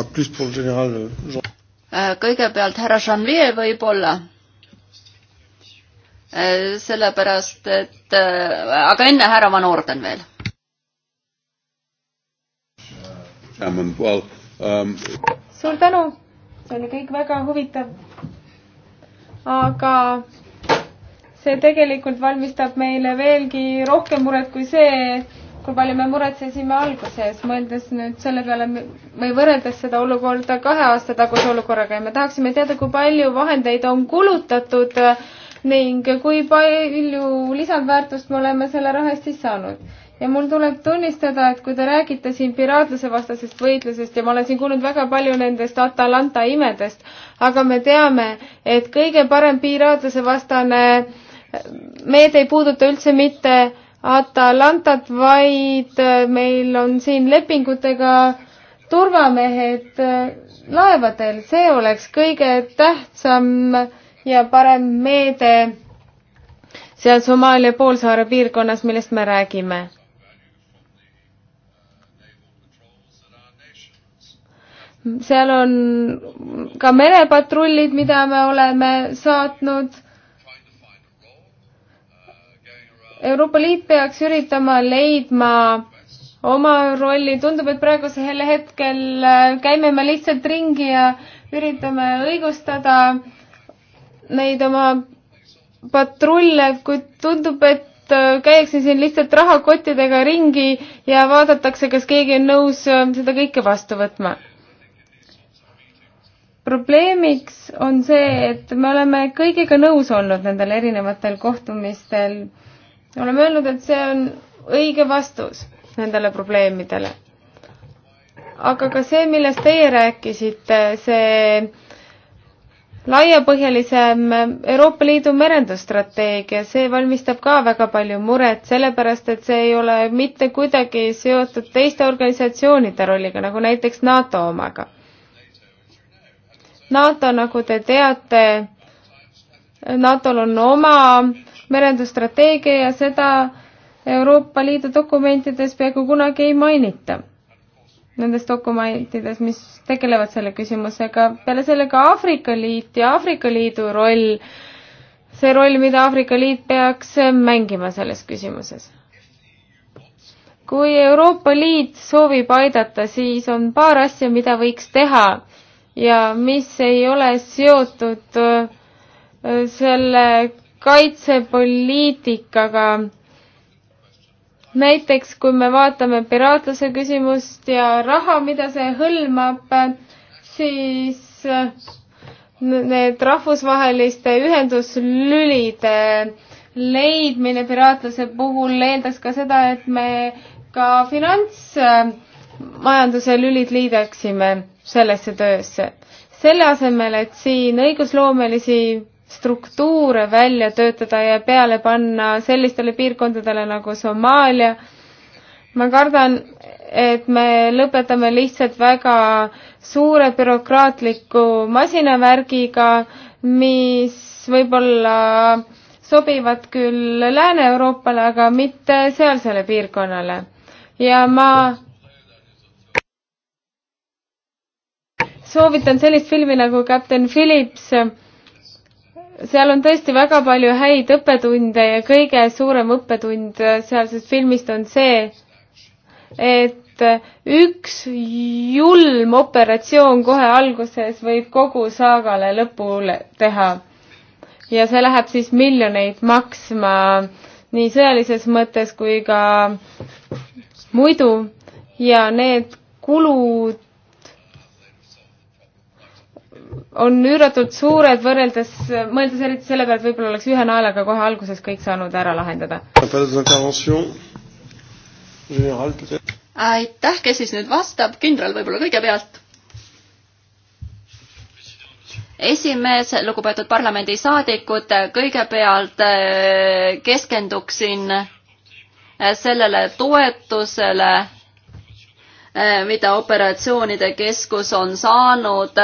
Euh, äh, kõigepealt härra Janvier võib-olla äh, sellepärast, et äh, aga enne härra Van Orden veel. Um, suur tänu, see oli kõik väga huvitav aga see tegelikult valmistab meile veelgi rohkem muret kui see, kui palju me muretsesime alguses, mõeldes nüüd selle peale või võrreldes seda olukorda kahe aasta taguse olukorraga ja me tahaksime teada, kui palju vahendeid on kulutatud ning kui palju lisandväärtust me oleme selle raha eest siis saanud ja mul tuleb tunnistada, et kui te räägite siin piraatluse vastasest võitlusest ja ma olen siin kuulnud väga palju nendest Atalanta imedest, aga me teame, et kõige parem piraatluse vastane meede ei puuduta üldse mitte Atalantat, vaid äh, meil on siin lepingutega turvamehed äh, laevadel, see oleks kõige tähtsam ja parem meede seal Somaalia poolsaare piirkonnas, millest me räägime seal on ka merepatrullid, mida me oleme saatnud. Euroopa Liit peaks üritama leidma oma rolli, tundub, et praegusel hetkel äh, käime me lihtsalt ringi ja üritame õigustada neid oma patrulle, kuid tundub, et äh, käiakse siin lihtsalt rahakottidega ringi ja vaadatakse, kas keegi on nõus äh, seda kõike vastu võtma probleemiks on see, et me oleme kõigiga nõus olnud nendel erinevatel kohtumistel. oleme öelnud, et see on õige vastus nendele probleemidele. aga ka see, millest teie rääkisite, see laiapõhjalisem Euroopa Liidu merendusstrateegia, see valmistab ka väga palju muret, sellepärast et see ei ole mitte kuidagi seotud teiste organisatsioonide rolliga, nagu näiteks NATO omaga NATO, nagu te teate, NATO-l on oma merendusstrateegia ja seda Euroopa Liidu dokumentides peaaegu kunagi ei mainita. Nendes dokumentides, mis tegelevad selle küsimusega, peale selle ka Aafrika Liit ja Aafrika Liidu roll, see roll, mida Aafrika Liit peaks mängima selles küsimuses. kui Euroopa Liit soovib aidata, siis on paar asja, mida võiks teha ja mis ei ole seotud äh, selle kaitsepoliitikaga. näiteks kui me vaatame piraatluse küsimust ja raha, mida see hõlmab, siis äh, need rahvusvaheliste ühenduslülide leidmine piraatluse puhul eeldaks ka seda, et me ka finantsmajanduse lülid liidaksime sellesse töösse. selle asemel, et siin õigusloomelisi struktuure välja töötada ja peale panna sellistele piirkondadele nagu Somaalia, ma kardan, et me lõpetame lihtsalt väga suure bürokraatliku masinavärgiga, mis võib-olla sobivad küll Lääne-Euroopale, aga mitte sealsele piirkonnale. ja ma soovitan sellist filmi nagu Captain Phillips. seal on tõesti väga palju häid õppetunde ja kõige suurem õppetund sealsest filmist on see, et üks julm operatsioon kohe alguses võib kogu saagale lõpule teha. ja see läheb siis miljoneid maksma nii sõjalises mõttes kui ka muidu ja need kulud on üüratult suured võrreldes, mõeldes eriti selle peale, et võib-olla oleks ühe naelaga kohe alguses kõik saanud ära lahendada. aitäh, kes siis nüüd vastab, kindral võib-olla kõigepealt. esimees, lugupeetud parlamendisaadikud, kõigepealt äh, keskenduksin äh, sellele toetusele, äh, mida operatsioonide keskus on saanud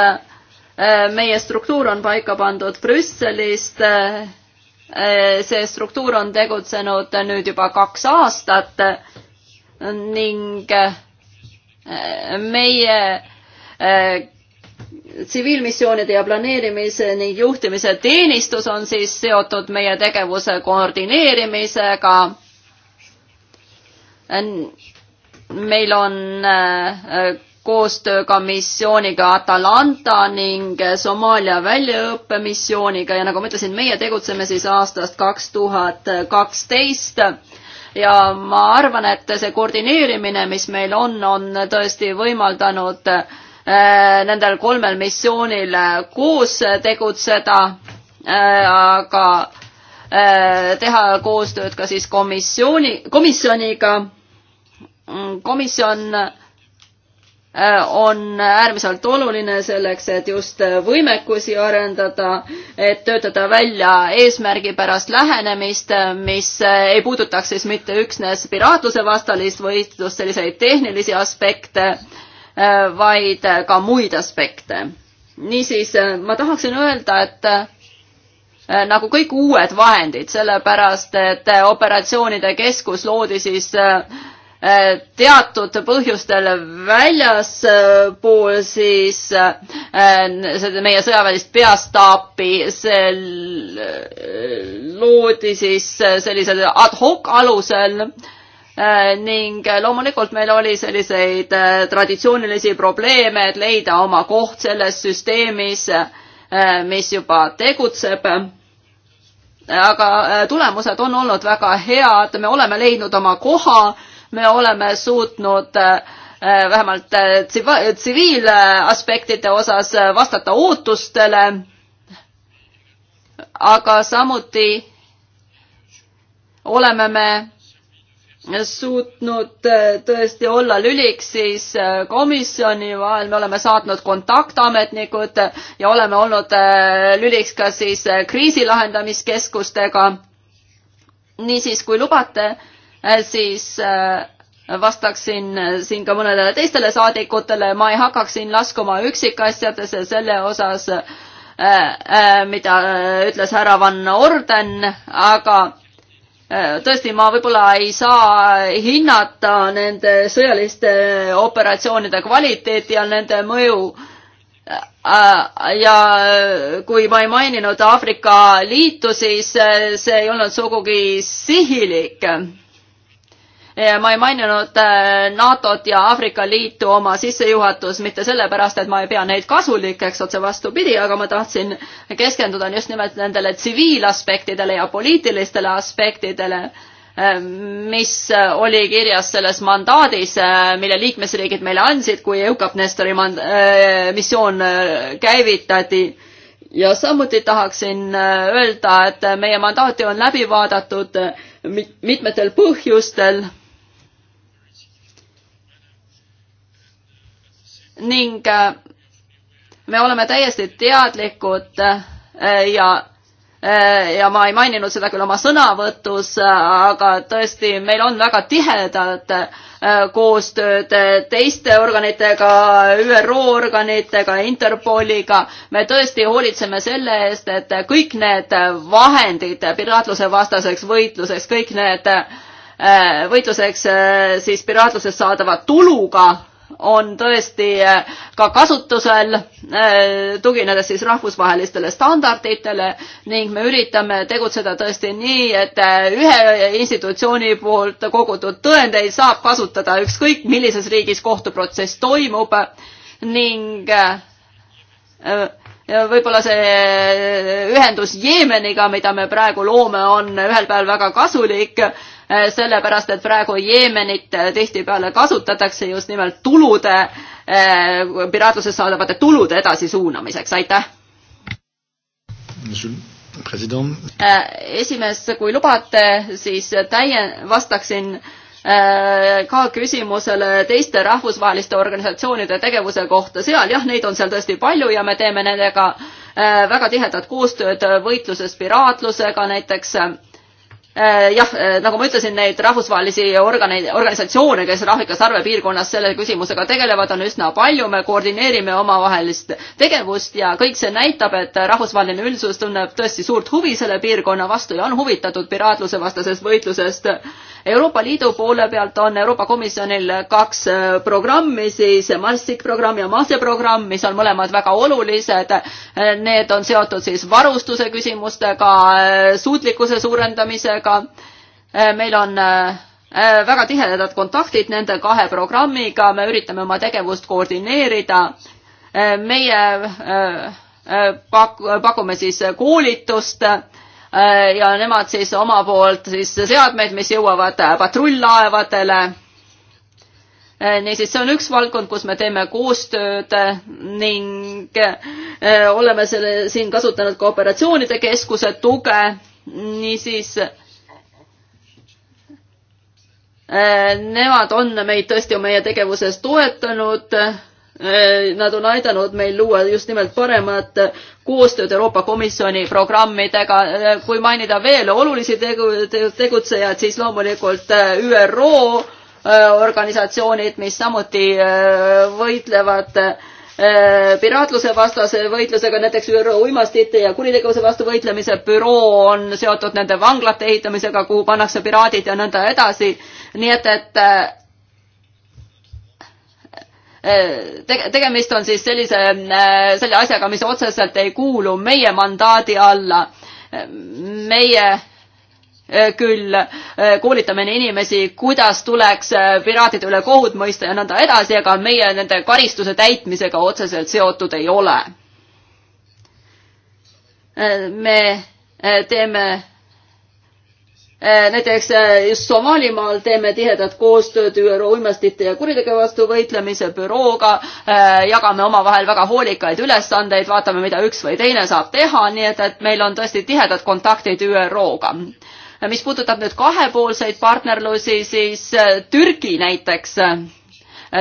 Eh, meie struktuur on paika pandud Brüsselist. Eh, see struktuur on tegutsenud nüüd juba kaks aastat ning eh, meie tsiviilmissioonide ja planeerimise ning juhtimise teenistus on siis seotud meie tegevuse koordineerimisega. meil on koostööga missiooniga Atalanta ning Somaalia väljaõppemissiooniga ja nagu ma ütlesin, meie tegutseme siis aastast kaks tuhat kaksteist ja ma arvan, et see koordineerimine, mis meil on, on tõesti võimaldanud äh, nendel kolmel missioonil koos tegutseda, äh, aga äh, teha koostööd ka siis komisjoni, komisjoniga. komisjon Äh, on äärmiselt oluline selleks, et just võimekusi arendada, et töötada välja eesmärgipärast lähenemist, mis ei puudutaks siis mitte üksnes piraatluse vastalist võistlust, selliseid tehnilisi aspekte, äh, vaid ka muid aspekte. niisiis, äh, ma tahaksin öelda, et nagu kõik uued vahendid, sellepärast et operatsioonide keskus loodi siis äh, Äh, teatud põhjustel väljaspool äh, siis äh, meie sõjaväelist peastaapi, see loodi siis sellisel ad hoc alusel ning loomulikult meil oli selliseid traditsioonilisi probleeme, et leida oma koht selles süsteemis, mis juba tegutseb aga tulemused on olnud väga head, me oleme leidnud oma koha me oleme suutnud eh, eh, vähemalt eh, tsiviilaspektide osas vastata ootustele, aga samuti oleme me suutnud tõesti olla lüliks siis komisjoni vahel, me oleme saatnud kontaktametnikud ja oleme olnud lüliks ka siis kriisi lahendamiskeskustega. niisiis, kui lubate Äh, siis äh, vastaksin äh, siin ka mõnedele teistele saadikutele, ma ei hakkaks siin laskuma üksikasjadesse selle osas, mida ütles härra Van Orden, aga tõesti, ma võib-olla ei saa hinnata nende sõjaliste operatsioonide kvaliteeti ja nende mõju. ja kui ma ei maininud Aafrika Liitu, siis see ei olnud sugugi sihilik ma ei maininud äh, NATO-t ja Aafrika Liitu oma sissejuhatus mitte sellepärast, et ma ei pea neid kasulikeks, otse vastupidi, aga ma tahtsin keskenduda just nimelt nendele tsiviilaspektidele ja poliitilistele aspektidele äh, mis äh, oli kirjas selles mandaadis, mille liikmesriigid meile andsid, kui EUCAP Nestori mand-, missioon käivitati. ja samuti tahaksin öelda, et meie mandaati on läbi vaadatud mitmetel põhjustel ning äh, me oleme täiesti teadlikud äh, ja äh, ja ma ei maininud seda küll oma sõnavõtus, aga tõesti, meil on väga tihedalt koostööd teiste organitega, ÜRO organitega, Interpoliga. me tõesti hoolitseme selle eest, et kõik need vahendid piraatluse vastaseks võitluseks, kõik need võitluseks siis piraatlusest saadava tuluga on tõesti eh, ka kasutusel, eh, tuginedes siis rahvusvahelistele standarditele ning me üritame tegutseda tõesti nii, et eh, ühe institutsiooni poolt kogutud tõendeid saab kasutada ükskõik millises riigis kohtuprotsess toimub ning võib-olla see ühendus Jeemeniga, mida me praegu loome, on ühel päeval väga kasulik Äh, sellepärast et praegu Jeemenit äh, tihtipeale kasutatakse just nimelt tulude, äh, piraatlusest saadavate tulude edasisuunamiseks, aitäh. esimees, kui lubate, siis täie-, vastaksin ka küsimusele teiste rahvusvaheliste organisatsioonide tegevuse kohta seal, jah, neid on seal tõesti palju ja me teeme nendega väga tihedat koostööd võitluses piraatlusega näiteks Äh, jah, äh, nagu ma ütlesin, neid rahvusvahelisi organeid, organisatsioone, kes Aafrika sarve piirkonnas selle küsimusega tegelevad, on üsna palju, me koordineerime omavahelist tegevust ja kõik see näitab, et rahvusvaheline üldsus tunneb tõesti suurt huvi selle piirkonna vastu ja on huvitatud piraatluse vastasest võitlusest. Euroopa Liidu poole pealt on Euroopa Komisjonil kaks äh, programmi, siis Marsik programm ja Maase programm, mis on mõlemad väga olulised. Need on seotud siis varustuse küsimustega, suutlikkuse suurendamisega, nendega. Äh, meil on äh, äh, väga tihedad kontaktid nende kahe programmiga, me üritame oma tegevust koordineerida. meie pak-, pakume siis koolitust ja nemad siis oma poolt siis seadmeid, mis jõuavad patrull-laevadele. niisiis, see on üks valdkond, kus me teeme koostööd ning oleme selle siin kasutanud ka operatsioonide keskuse tuge. niisiis Äh, nemad on meid tõesti meie tegevuses toetanud. Äh, nad on aidanud meil luua just nimelt paremat koostööd Euroopa Komisjoni programmidega. Äh, kui mainida veel olulisi tegu, tegutsejaid, siis loomulikult ÜRO organisatsioonid, mis samuti võitlevad äh, Äh, piraatluse vastase võitlusega, näiteks ÜRO uimastite ja kuritegevuse vastu võitlemise büroo on seotud nende vanglate ehitamisega, kuhu pannakse piraadid ja nõnda edasi. nii et, et äh, äh, tege-, tegemist on siis sellise, selle asjaga, mis otseselt ei kuulu meie mandaadi alla. meie Eh, küll eh, koolitame inimesi, kuidas tuleks eh, piraatide üle kohut mõista ja nõnda edasi, aga meie nende karistuse täitmisega otseselt seotud ei ole. me teeme näiteks just Somaalimaal teeme tihedat koostööd ÜRO uimastite ja kuritegu vastu võitlemise bürooga, jagame omavahel väga hoolikaid ülesandeid, vaatame, mida üks või teine saab teha, nii et, et meil on tõesti tihedad kontaktid ÜRO-ga mis puudutab nüüd kahepoolseid partnerlusi, siis äh, Türgi näiteks äh,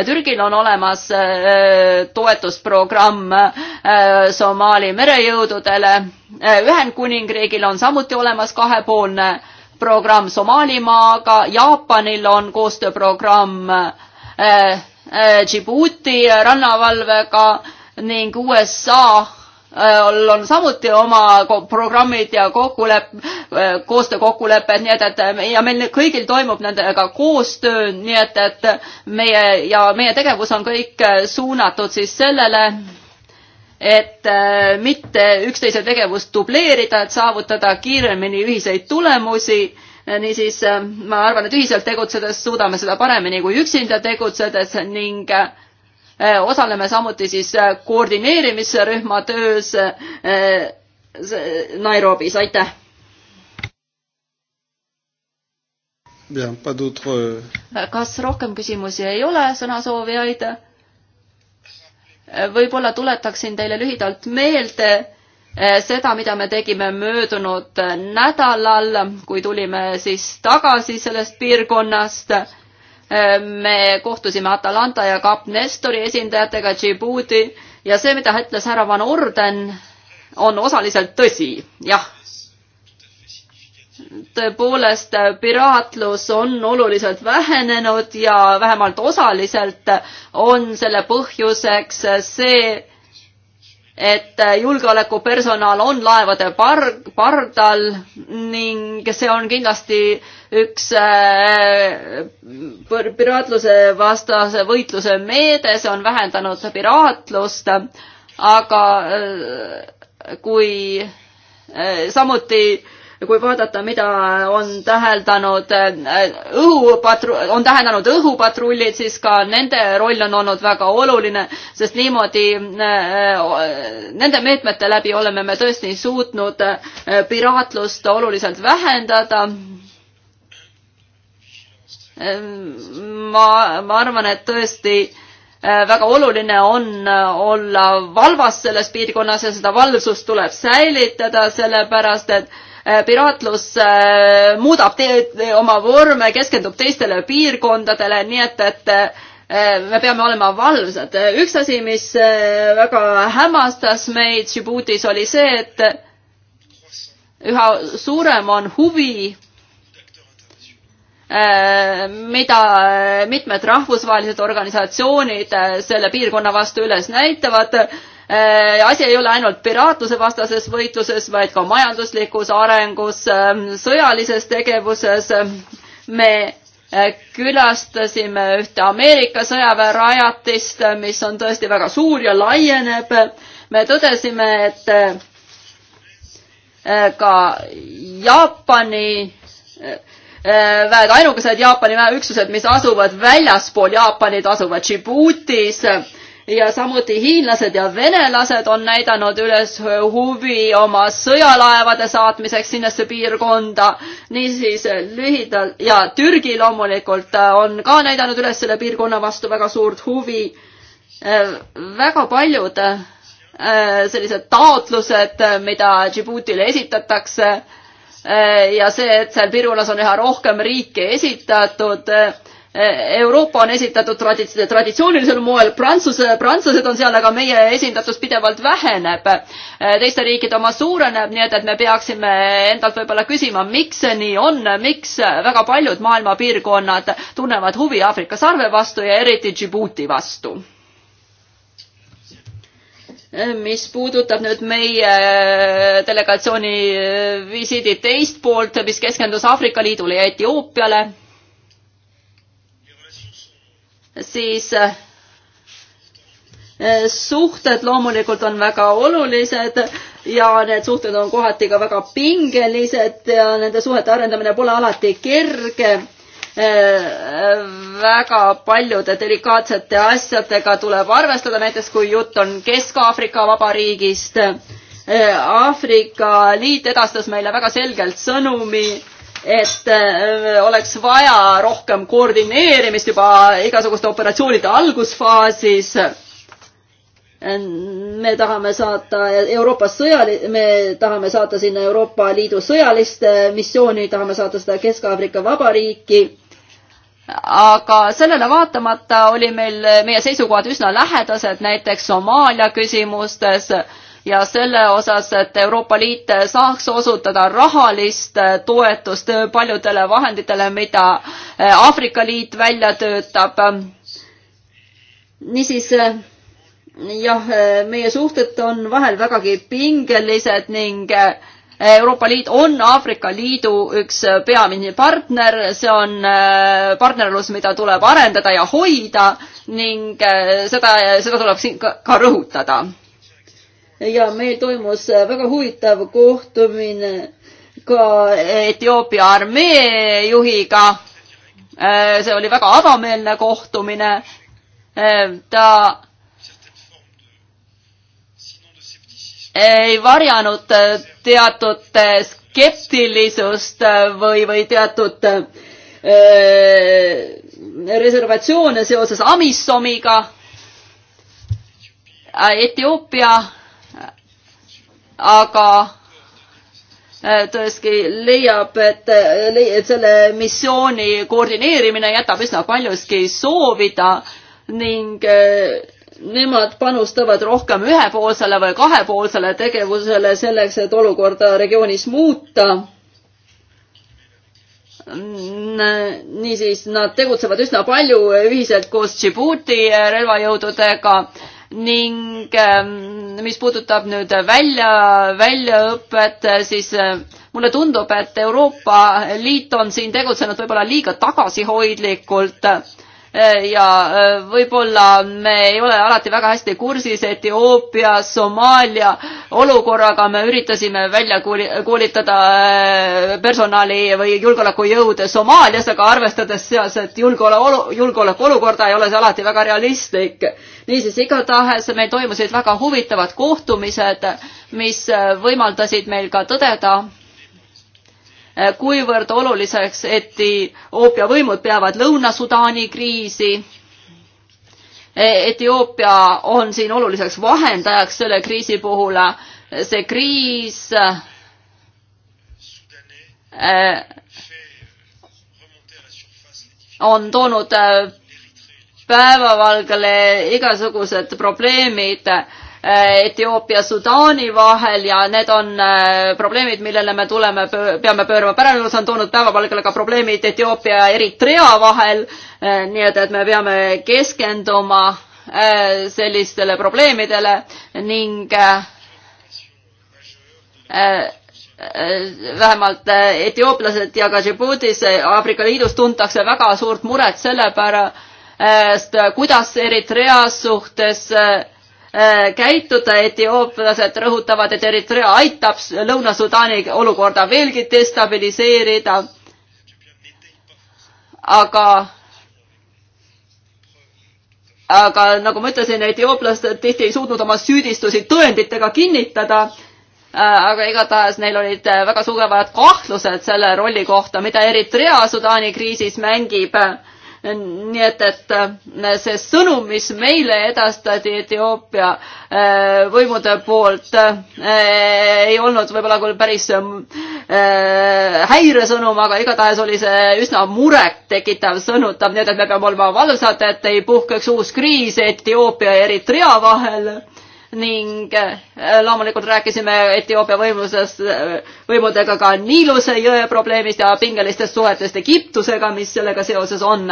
Türgil on olemas äh, toetusprogramm Somaali merejõududele. Ühendkuningriigil on samuti olemas kahepoolne programm Somaalimaaga, Jaapanil on koostööprogramm Djibouti rannavalvega ning USA Äh, on samuti oma programmid ja kokkulepp, äh, koostöökokkulepped, nii et, et äh, ja meil kõigil toimub nendega koostöö, nii et, et meie ja meie tegevus on kõik suunatud siis sellele, et mitte üksteise tegevust dubleerida, et saavutada kiiremini ühiseid tulemusi. niisiis ma arvan, et ühiselt tegutsedes suudame seda paremini kui üksinda tegutsedes ning äh, Eh, osaleme samuti siis eh, koordineerimisrühma töös eh, Nairobis, aitäh. Euh, kas rohkem küsimusi ei ole sõnasoovijaid? võib-olla tuletaksin teile lühidalt meelde seda, mida me tegime möödunud nädalal, kui tulime siis tagasi sellest piirkonnast me kohtusime Atalanta ja Kap Nestori esindajatega Djibouti ja see, mida ütles härra Van Orden, on osaliselt tõsi, jah. tõepoolest, piraatlus on oluliselt vähenenud ja vähemalt osaliselt on selle põhjuseks see, et äh, julgeolekupersonal on laevade par-, pardal ning see on kindlasti üks äh, piraatluse vastase võitluse meede, see on vähendanud piraatlust, aga äh, kui samuti äh, kui vaadata, mida on täheldanud äh, õhupatru-, on tähendanud õhupatrullid, siis ka nende roll on olnud väga oluline, sest niimoodi äh, nende meetmete läbi oleme me tõesti suutnud äh, piraatlust oluliselt vähendada ma, ma arvan, et tõesti väga oluline on olla valvas selles piirkonnas ja seda valvsust tuleb säilitada, sellepärast et Eh, piraatlus eh, muudab oma vorme, keskendub teistele piirkondadele, nii et, et eh, me peame olema valvsad. üks asi, mis väga hämmastas meid Džibutis, oli see, et üha suurem on huvi mida mitmed rahvusvahelised organisatsioonid selle piirkonna vastu üles näitavad Äh, asi ei ole ainult piraatluse vastases võitluses, vaid ka majanduslikus arengus, ähm, sõjalises tegevuses. me äh, külastasime ühte Ameerika sõjaväerajatist, äh, mis on tõesti väga suur ja laieneb. me tõdesime, et ka Jaapani väed, ainukesed Jaapani väeüksused, mis asuvad väljaspool Jaapanit, asuvad Džibutis ja samuti hiinlased ja venelased on näidanud üles huvi oma sõjalaevade saatmiseks sinnesse piirkonda. niisiis lühidalt ja Türgi loomulikult äh, on ka näidanud üles selle piirkonna vastu väga suurt huvi. Äh, väga paljud äh, sellised taotlused, mida Djiboutile esitatakse ja see, et seal piirkonnas on üha rohkem riike esitatud Eh, Euroopa on esitatud traditsi-, traditsioonilisel moel, prantsuse, prantslased on seal, aga meie esindatus pidevalt väheneb. Eh, teiste riikide oma suureneb, nii et, et me peaksime endalt võib-olla küsima, miks see nii on, miks väga paljud maailma piirkonnad tunnevad huvi Aafrika sarve vastu ja eriti Djibouti vastu eh, mis puudutab nüüd meie delegatsiooni visiidi teist poolt, mis keskendus Aafrika Liidule ja Etioopiale siis äh, äh, suhted loomulikult on väga olulised ja need suhted on kohati ka väga pingelised ja nende suhete arendamine pole alati kerge. Äh, väga paljude delikaatsete asjadega tuleb arvestada, näiteks kui jutt on Kesk-Aafrika Vabariigist. Aafrika Liit edastas meile väga selgelt sõnumi et äh, oleks vaja rohkem koordineerimist juba igasuguste operatsioonide algusfaasis. me tahame saata Euroopas sõjali-, me tahame saata sinna Euroopa Liidu sõjalist missiooni, tahame saata seda Kesk-Aafrika Vabariiki aga sellele vaatamata oli meil meie seisukohad üsna lähedased, näiteks Somaalia küsimustes äh, ja selle osas, et Euroopa Liit saaks osutada rahalist toetust paljudele vahenditele, mida eh, Aafrika Liit välja töötab. niisiis eh, jah, eh, meie suhted on vahel vägagi pingelised ning Euroopa Liit on Aafrika Liidu üks peamine partner, see on partnerlus, mida tuleb arendada ja hoida ning seda, seda tuleb siin ka, ka rõhutada ja meil toimus äh, väga huvitav kohtumine ka äh, Etioopia armee juhiga. Äh, see oli väga avameelne kohtumine. ta ei varjanud teatud skeptilisust või, või teatud reservatsioone seoses Amissomiga. Etioopia aga äh, tõesti leiab, et, äh, et selle missiooni koordineerimine jätab üsna paljuski soovida ning äh, nemad panustavad rohkem ühepoolsele või kahepoolsele tegevusele selleks, et olukorda regioonis muuta. niisiis nad tegutsevad üsna palju ühiselt koos Djibouti relvajõududega ning ähm, mis puudutab nüüd välja, väljaõpet, siis äh, mulle tundub, et Euroopa Liit on siin tegutsenud võib-olla liiga tagasihoidlikult Eh, ja eh, võib-olla me ei ole alati väga hästi kursis Etioopia, Somaalia olukorraga, me üritasime välja koolitada eh, personali või julgeolekujõude Somaalias, aga arvestades sealset julgeoleku, julgeolekuolukorda ei ole see alati väga realistlik. niisiis, igatahes meil toimusid väga huvitavad kohtumised, mis võimaldasid meil ka tõdeda, Eh, kuivõrd oluliseks Etioopia võimud peavad Lõuna-Sudaani kriisi. Eh, Etioopia on siin oluliseks vahendajaks selle kriisi puhul. Eh, see kriis on toonud päevavalgele igasugused probleemid Äh, Etioopia, Sudaani vahel ja need on äh, probleemid, millele me tuleme, peame pöörama pärandus, on toonud päevavalgele ka probleemid Etioopia ja Eritrea vahel. Äh, nii et, et me peame keskenduma sellistele probleemidele ning vähemalt etiooplased ja ka Djiboutis Aafrika Liidus tuntakse väga suurt muret selle pärast, kuidas Eritrea suhtes äh, Äh, käituda, etiooplased rõhutavad, et Eritrea aitab Lõuna-Sudaani olukorda veelgi destabiliseerida. aga aga nagu ma ütlesin, etiooplased tihti ei suutnud oma süüdistusi tõenditega kinnitada. Äh, aga igatahes neil olid äh, väga tugevad kahtlused selle rolli kohta, mida Eritrea Sudaani kriisis mängib nii et, et äh, see sõnum, mis meile edastati Etioopia äh, võimude poolt, äh, ei olnud võib-olla küll päris ähm, häiresõnum, aga igatahes oli see üsna murettekitav sõnutav, nii et, et me peame olema valvsad, et ei puhkeks uus kriis Etioopia ja Eritrea vahel ning loomulikult rääkisime Etioopia võimuses, võimudega ka Niiluse jõe probleemist ja pingelistest suhetest Egiptusega, mis sellega seoses on.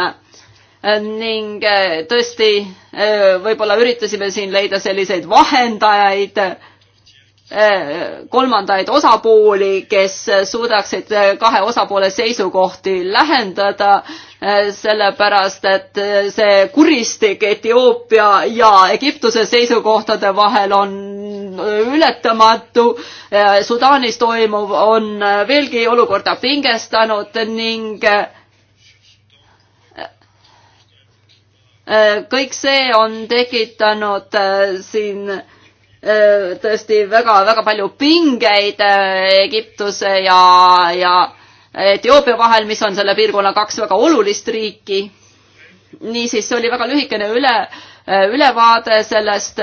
Äh, ning äh, tõesti äh, võib-olla üritasime siin leida selliseid vahendajaid, kolmandaid osapooli, kes suudaksid kahe osapoole seisukohti lähendada, sellepärast et see kuristik Etioopia ja Egiptuse seisukohtade vahel on ületamatu. Sudaanis toimuv on veelgi olukorda pingestanud ning Äh, kõik see on tekitanud äh, siin äh, tõesti väga-väga palju pingeid Egiptuse ja, ja Etioopia vahel, mis on selle piirkonna kaks väga olulist riiki. niisiis, see oli väga lühikene üle, ülevaade sellest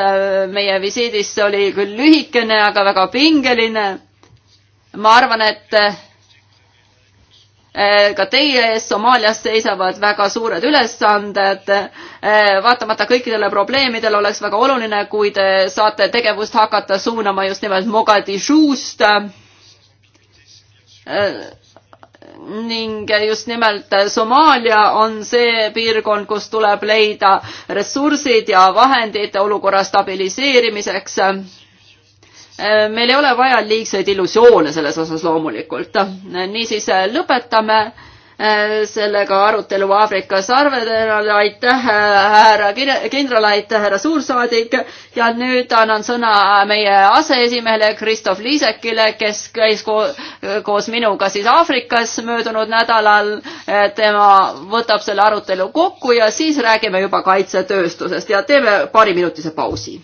meie visiidist, see oli küll lühikene, aga väga pingeline. ma arvan, et Eh, ka teie ees Somaalias seisavad väga suured ülesanded. Eh, vaatamata kõikidele probleemidele oleks väga oluline, kui te saate tegevust hakata suunama just nimelt Mogadishust. Eh, ning just nimelt Somaalia on see piirkond, kus tuleb leida ressursid ja vahendid olukorra stabiliseerimiseks Äh, meil ei ole vaja liigseid illusioone selles osas loomulikult. Äh, niisiis äh, lõpetame sellega arutelu Aafrika sarvedel, aitäh härra kindral, aitäh härra suursaadik ja nüüd annan sõna meie aseesimehele Kristof Liisekile, kes käis ko koos minuga siis Aafrikas möödunud nädalal. tema võtab selle arutelu kokku ja siis räägime juba kaitsetööstusest ja teeme paariminutise pausi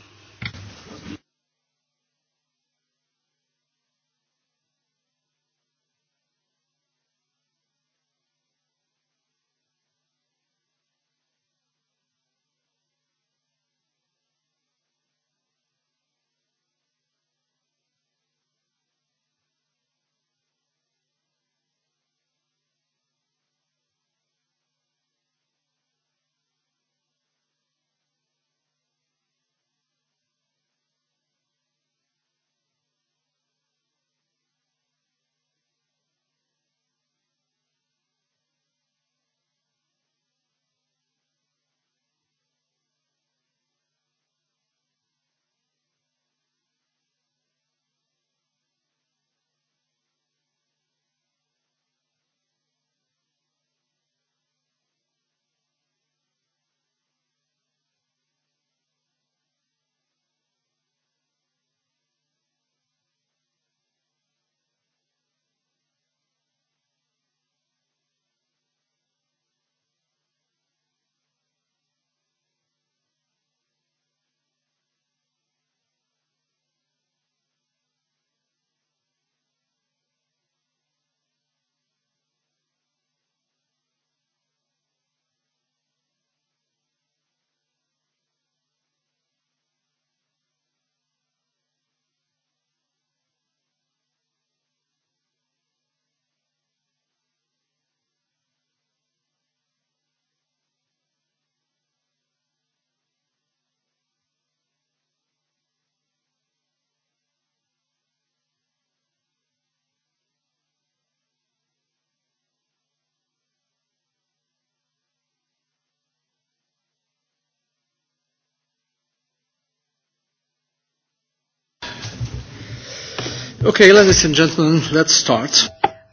okei okay,, ladies and gentlemen, let's start.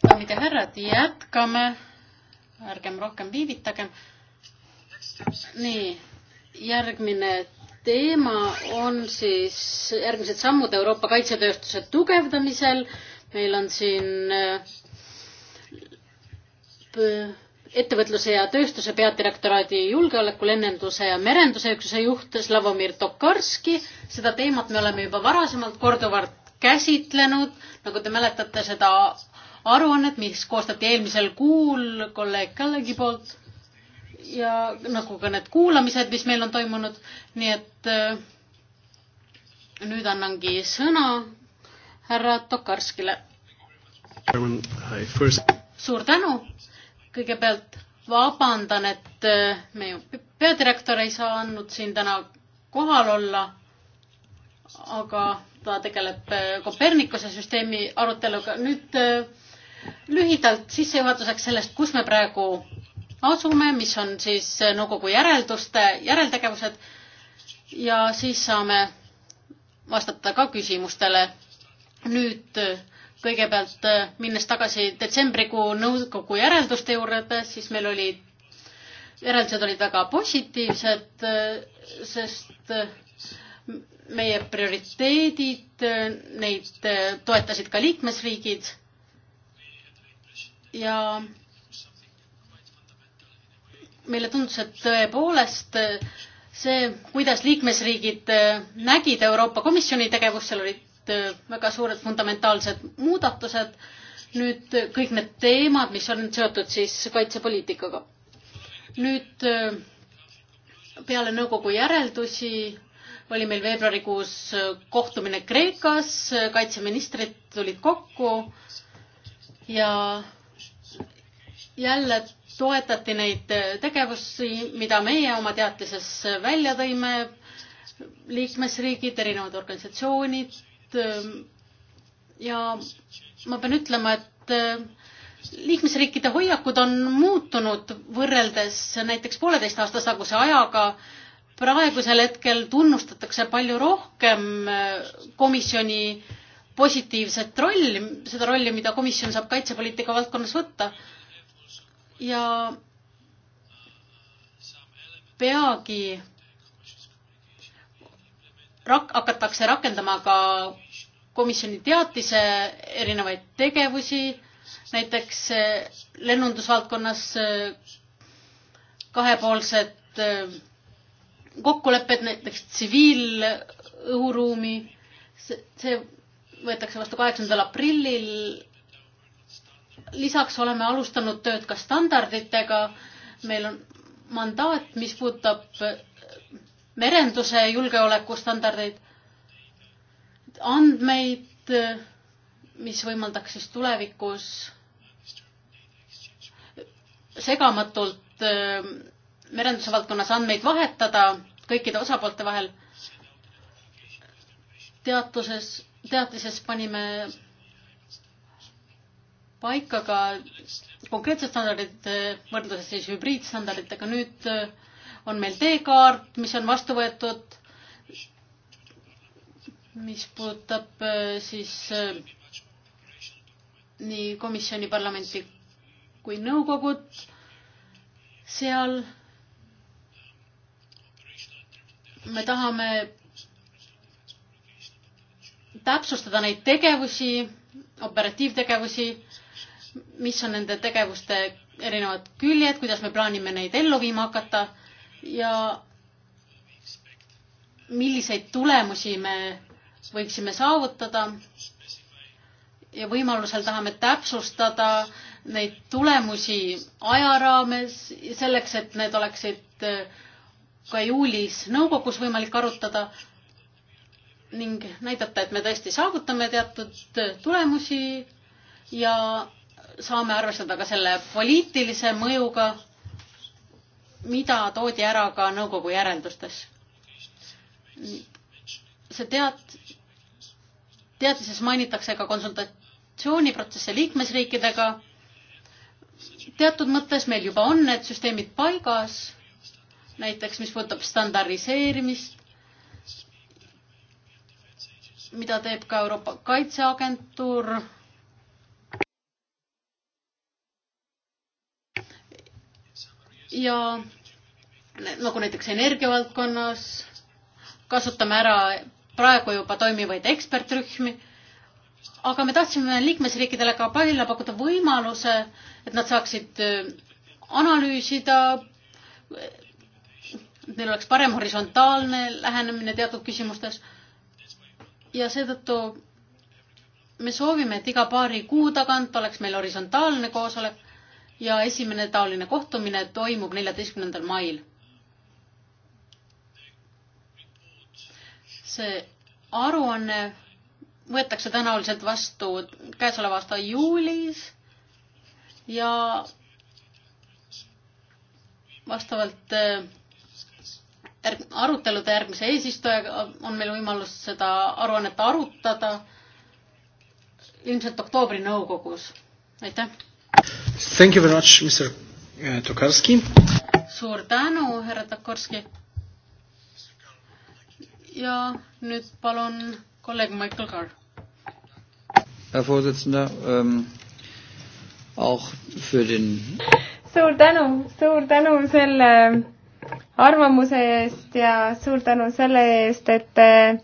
daamid ja härrad, jätkame. ärgem rohkem viivitagem. nii, järgmine teema on siis järgmised sammud Euroopa kaitsetööstuse tugevdamisel. meil on siin äh, ettevõtluse ja tööstuse peadirektoraadi julgeoleku, lennunduse ja merenduse üksuse juht Slavomir Tokarski. seda teemat me oleme juba varasemalt korduvalt käsitlenud, nagu te mäletate seda aruannet, mis koostati eelmisel kuul kolleeg Kallegi poolt ja nagu ka need kuulamised, mis meil on toimunud, nii et äh, nüüd annangi sõna härra Tokarskile. suur tänu, kõigepealt vabandan, et äh, meie peadirektor ei saanud siin täna kohal olla, aga ta tegeleb äh, Kopernikuse süsteemi aruteluga. nüüd äh, lühidalt sissejuhatuseks sellest, kus me praegu asume, mis on siis äh, nõukogu järelduste, järeltegevused ja siis saame vastata ka küsimustele. nüüd kõigepealt minnes tagasi detsembrikuu nõukogu järelduste juurde, siis meil olid, järeldused olid väga positiivsed, sest meie prioriteedid, neid toetasid ka liikmesriigid ja meile tundus, et tõepoolest see, kuidas liikmesriigid nägid Euroopa Komisjoni tegevust, seal olid väga suured fundamentaalsed muudatused, nüüd kõik need teemad, mis on seotud siis kaitsepoliitikaga. nüüd peale nõukogu järeldusi oli meil veebruarikuus äh, kohtumine Kreekas, äh, kaitseministrid tulid kokku ja jälle toetati neid äh, tegevusi, mida meie oma teatises välja tõime, liikmesriigid, erinevad organisatsioonid ähm, ja ma pean ütlema, et liikmesriikide hoiakud on muutunud võrreldes näiteks pooleteist aasta taguse ajaga praegusel hetkel tunnustatakse palju rohkem äh, komisjoni positiivset rolli, seda rolli, mida komisjon saab kaitsepoliitika valdkonnas võtta. ja peagi rak-, hakatakse rakendama ka komisjoni teatise erinevaid tegevusi, näiteks äh, lennundusvaldkonnas äh, kahepoolsed kokkulepped näiteks tsiviilõhuruumi, see võetakse vastu kaheksandal aprillil. lisaks oleme alustanud tööd ka standarditega. meil on mandaat, mis puudutab merenduse julgeolekustandardeid, andmeid, mis võimaldaks siis tulevikus segamatult merenduse valdkonnas andmeid vahetada kõikide osapoolte vahel. teatuses, teatises panime paika ka konkreetsed standardid võrdluses siis hübriidstandarditega. nüüd äh, on meil teekaart, mis on vastu võetud, mis puudutab äh, siis äh, nii komisjoni, parlamenti kui nõukogud. seal me tahame täpsustada neid tegevusi, operatiivtegevusi, mis on nende tegevuste erinevad küljed, kuidas me plaanime neid ellu viima hakata ja milliseid tulemusi me võiksime saavutada. ja võimalusel tahame täpsustada neid tulemusi ajaraames selleks, et need oleksid ka juulis nõukogus võimalik arutada ning näidata, et me tõesti saavutame teatud tulemusi ja saame arvestada ka selle poliitilise mõjuga, mida toodi ära ka nõukogu järeldustes. see tead-, teadmises mainitakse ka konsultatsiooniprotsesse liikmesriikidega. teatud mõttes meil juba on need süsteemid paigas näiteks mis puudutab standardiseerimist, mida teeb ka Euroopa Kaitseagentuur. ja nagu näiteks energiavaldkonnas kasutame ära praegu juba toimivaid ekspertrühmi, aga me tahtsime liikmesriikidele ka välja pakkuda võimaluse, et nad saaksid äh, analüüsida meil oleks parem horisontaalne lähenemine teatud küsimustes. ja seetõttu me soovime, et iga paari kuu tagant oleks meil horisontaalne koosolek ja esimene taoline kohtumine toimub neljateistkümnendal mail. see aruanne võetakse tõenäoliselt vastu käesoleva aasta juulis ja vastavalt äh, järg-, arutelude järgmise eesistujaga on meil võimalus seda aruannet arutada ilmselt oktoobri nõukogus. aitäh! Thank you very much, Mr eh, Tokarski. suur tänu, härra Tokarski. ja nüüd palun kolleeg Michael Carr. Herr Vorsitzender ähm,, auch für den suur tänu, suur tänu selle arvamuse eest ja suur tänu selle eest, et te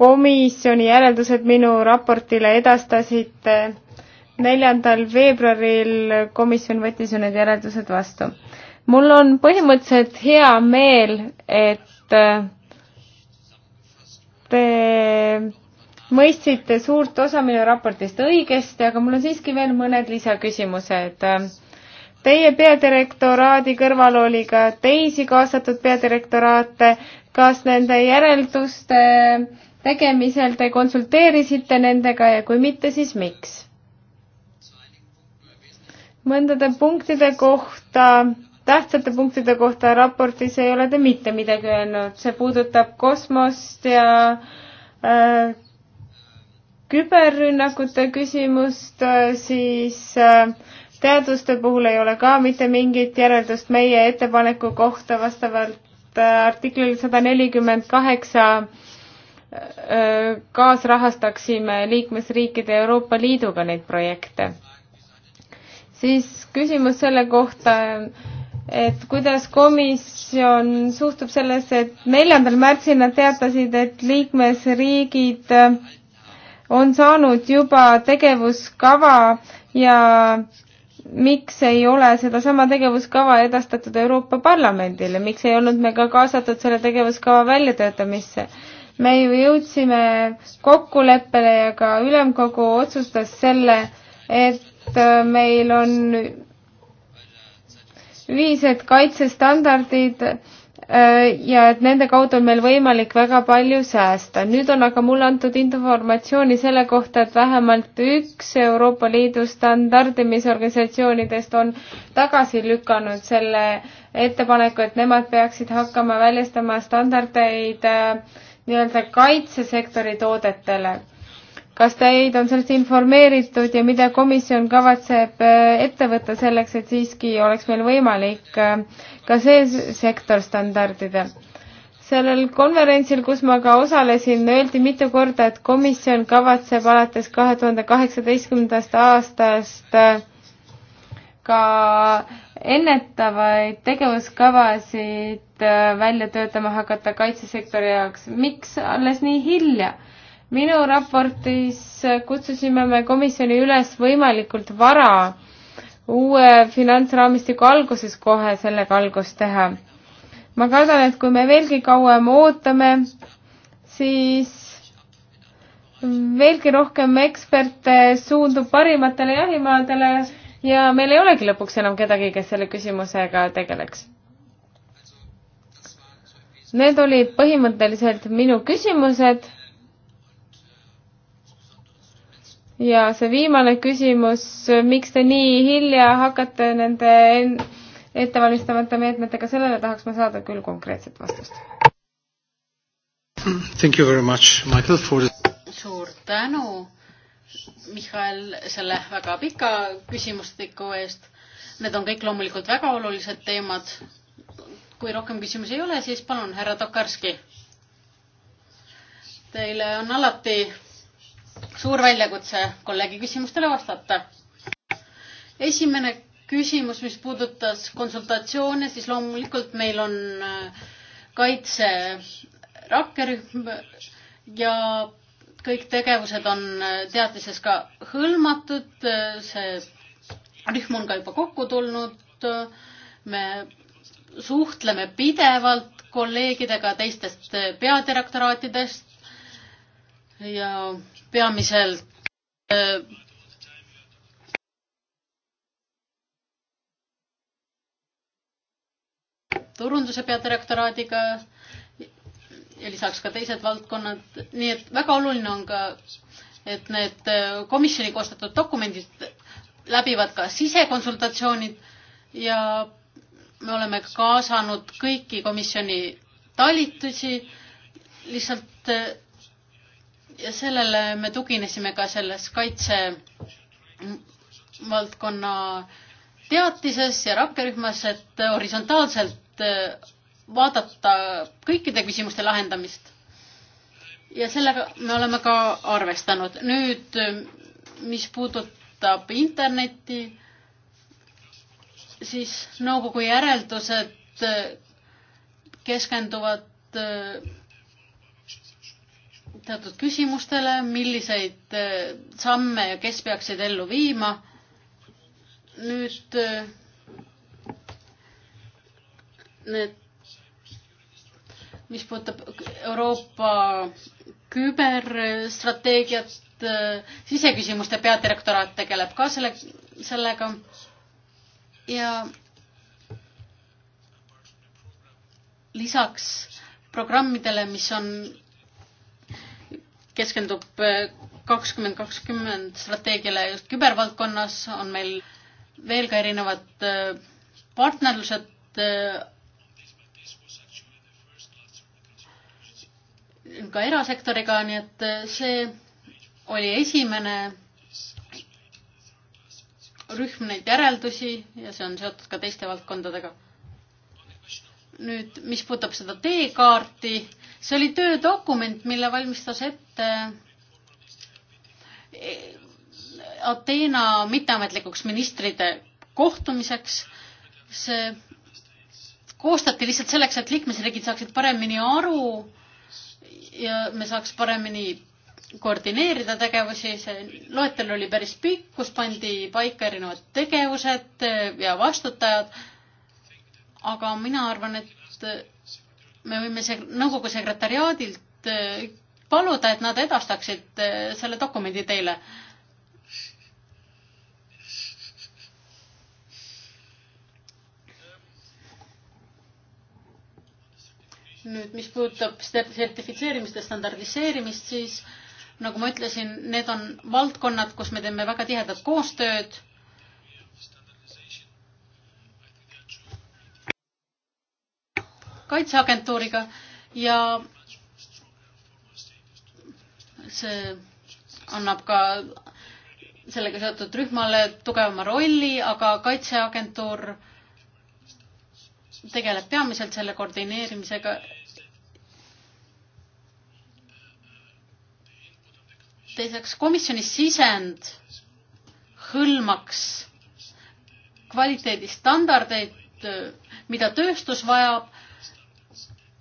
komisjoni järeldused minu raportile edastasite. neljandal veebruaril komisjon võttis ju need järeldused vastu. mul on põhimõtteliselt hea meel, et äh, te mõistsite suurt osa minu raportist õigesti, aga mul on siiski veel mõned lisaküsimused Teie peadirektoraadi kõrval oli ka teisi kaasatud peadirektoraate, kas nende järelduste tegemisel te konsulteerisite nendega ja kui mitte, siis miks? mõndade punktide kohta, tähtsate punktide kohta raportis ei ole te mitte midagi öelnud, see puudutab kosmost ja äh, küberrünnakute küsimust, äh, siis äh, teaduste puhul ei ole ka mitte mingit järeldust meie ettepaneku kohta vastavalt äh, artiklile sada nelikümmend kaheksa äh, kaasrahastaksime liikmesriikide Euroopa Liiduga neid projekte. siis küsimus selle kohta, et kuidas komisjon suhtub sellesse, et neljandal märtsil nad teatasid, et liikmesriigid äh, on saanud juba tegevuskava ja miks ei ole sedasama tegevuskava edastatud Euroopa Parlamendile, miks ei olnud me ka kaasatud selle tegevuskava väljatöötamisse? me ju jõudsime kokkuleppele ja ka ülemkogu otsustas selle, et äh, meil on ühised kaitsestandardid Äh, ja et nende kaudu on meil võimalik väga palju säästa. nüüd on aga mulle antud informatsiooni selle kohta, et vähemalt üks Euroopa Liidu standardimisorganisatsioonidest on tagasi lükanud selle ettepaneku, et nemad peaksid hakkama väljastama standardeid äh, nii-öelda kaitsesektori toodetele kas teid on sellest informeeritud ja mida komisjon kavatseb äh, ette võtta selleks, et siiski oleks meil võimalik äh, ka see sektor standardida? sellel konverentsil, kus ma ka osalesin, öeldi mitu korda, et komisjon kavatseb alates kahe tuhande kaheksateistkümnendast aastast äh, ka ennetavaid tegevuskavasid välja töötama hakata kaitsesektori jaoks. miks alles nii hilja? minu raportis kutsusime me komisjoni üles võimalikult vara uue finantsraamistiku alguses kohe sellega algust teha. ma kardan, et kui me veelgi kauem ootame, siis veelgi rohkem eksperte suundub parimatele jahimaadele ja meil ei olegi lõpuks enam kedagi, kes selle küsimusega tegeleks. Need olid põhimõtteliselt minu küsimused ja see viimane küsimus, miks te nii hilja hakkate nende ettevalmistavate meetmetega, sellele tahaks ma saada küll konkreetset vastust. Thank you very much, Michael, for suur tänu, Mihhail, selle väga pika küsimustiku eest. Need on kõik loomulikult väga olulised teemad. kui rohkem küsimusi ei ole, siis palun, härra Tokarski. Teile on alati suur väljakutse kolleegi küsimustele vastata. esimene küsimus, mis puudutas konsultatsioone, siis loomulikult meil on äh, kaitse rakkerühm ja kõik tegevused on äh, teatises ka hõlmatud, see rühm on ka juba kokku tulnud, me suhtleme pidevalt kolleegidega teistest äh, peadirektoraatidest ja peamiselt äh, turunduse peadirektoraadiga ja lisaks ka teised valdkonnad, nii et väga oluline on ka, et need äh, komisjoni koostatud dokumendid läbivad ka sisekonsultatsioonid ja me oleme kaasanud kõiki komisjoni talitusi. lihtsalt äh, ja sellele me tuginesime ka selles kaitsevaldkonna teatises ja rakkerühmas, et horisontaalselt eh, vaadata kõikide küsimuste lahendamist. ja sellega me oleme ka arvestanud. nüüd, eh, mis puudutab internetti, siis nõukogu järeldused eh, keskenduvad teatud küsimustele, milliseid äh, samme ja kes peaksid ellu viima. nüüd äh, need, mis puudutab Euroopa küberstrateegiat, äh, siseküsimuste peadirektoraat tegeleb ka selle, sellega ja lisaks programmidele, mis on keskendub eh, kakskümmend kakskümmend strateegiale just kübervaldkonnas, on meil veel ka erinevad eh, partnerlused. Eh, ka erasektoriga, nii et see oli esimene rühm neid järeldusi ja see on seotud ka teiste valdkondadega. nüüd, mis puudutab seda teekaarti see oli töödokument, mille valmistas ette eh, Ateena mitteametlikuks ministrite kohtumiseks. see koostati lihtsalt selleks, et liikmesriigid saaksid paremini aru ja me saaks paremini koordineerida tegevusi, see loetelu oli päris pikk, kus pandi paika erinevad tegevused ja vastutajad. aga mina arvan, et me võime see nõukogu sekretariaadilt eh, paluda, et nad edastaksid eh, selle dokumendi teile. nüüd, mis puudutab sertifitseerimist ja standardiseerimist, siis nagu ma ütlesin, need on valdkonnad, kus me teeme väga tihedat koostööd kaitseagentuuriga ja see annab ka sellega seotud rühmale tugevama rolli, aga kaitseagentuur tegeleb peamiselt selle koordineerimisega. teiseks, komisjoni sisend hõlmaks kvaliteedistandardeid, mida tööstus vajab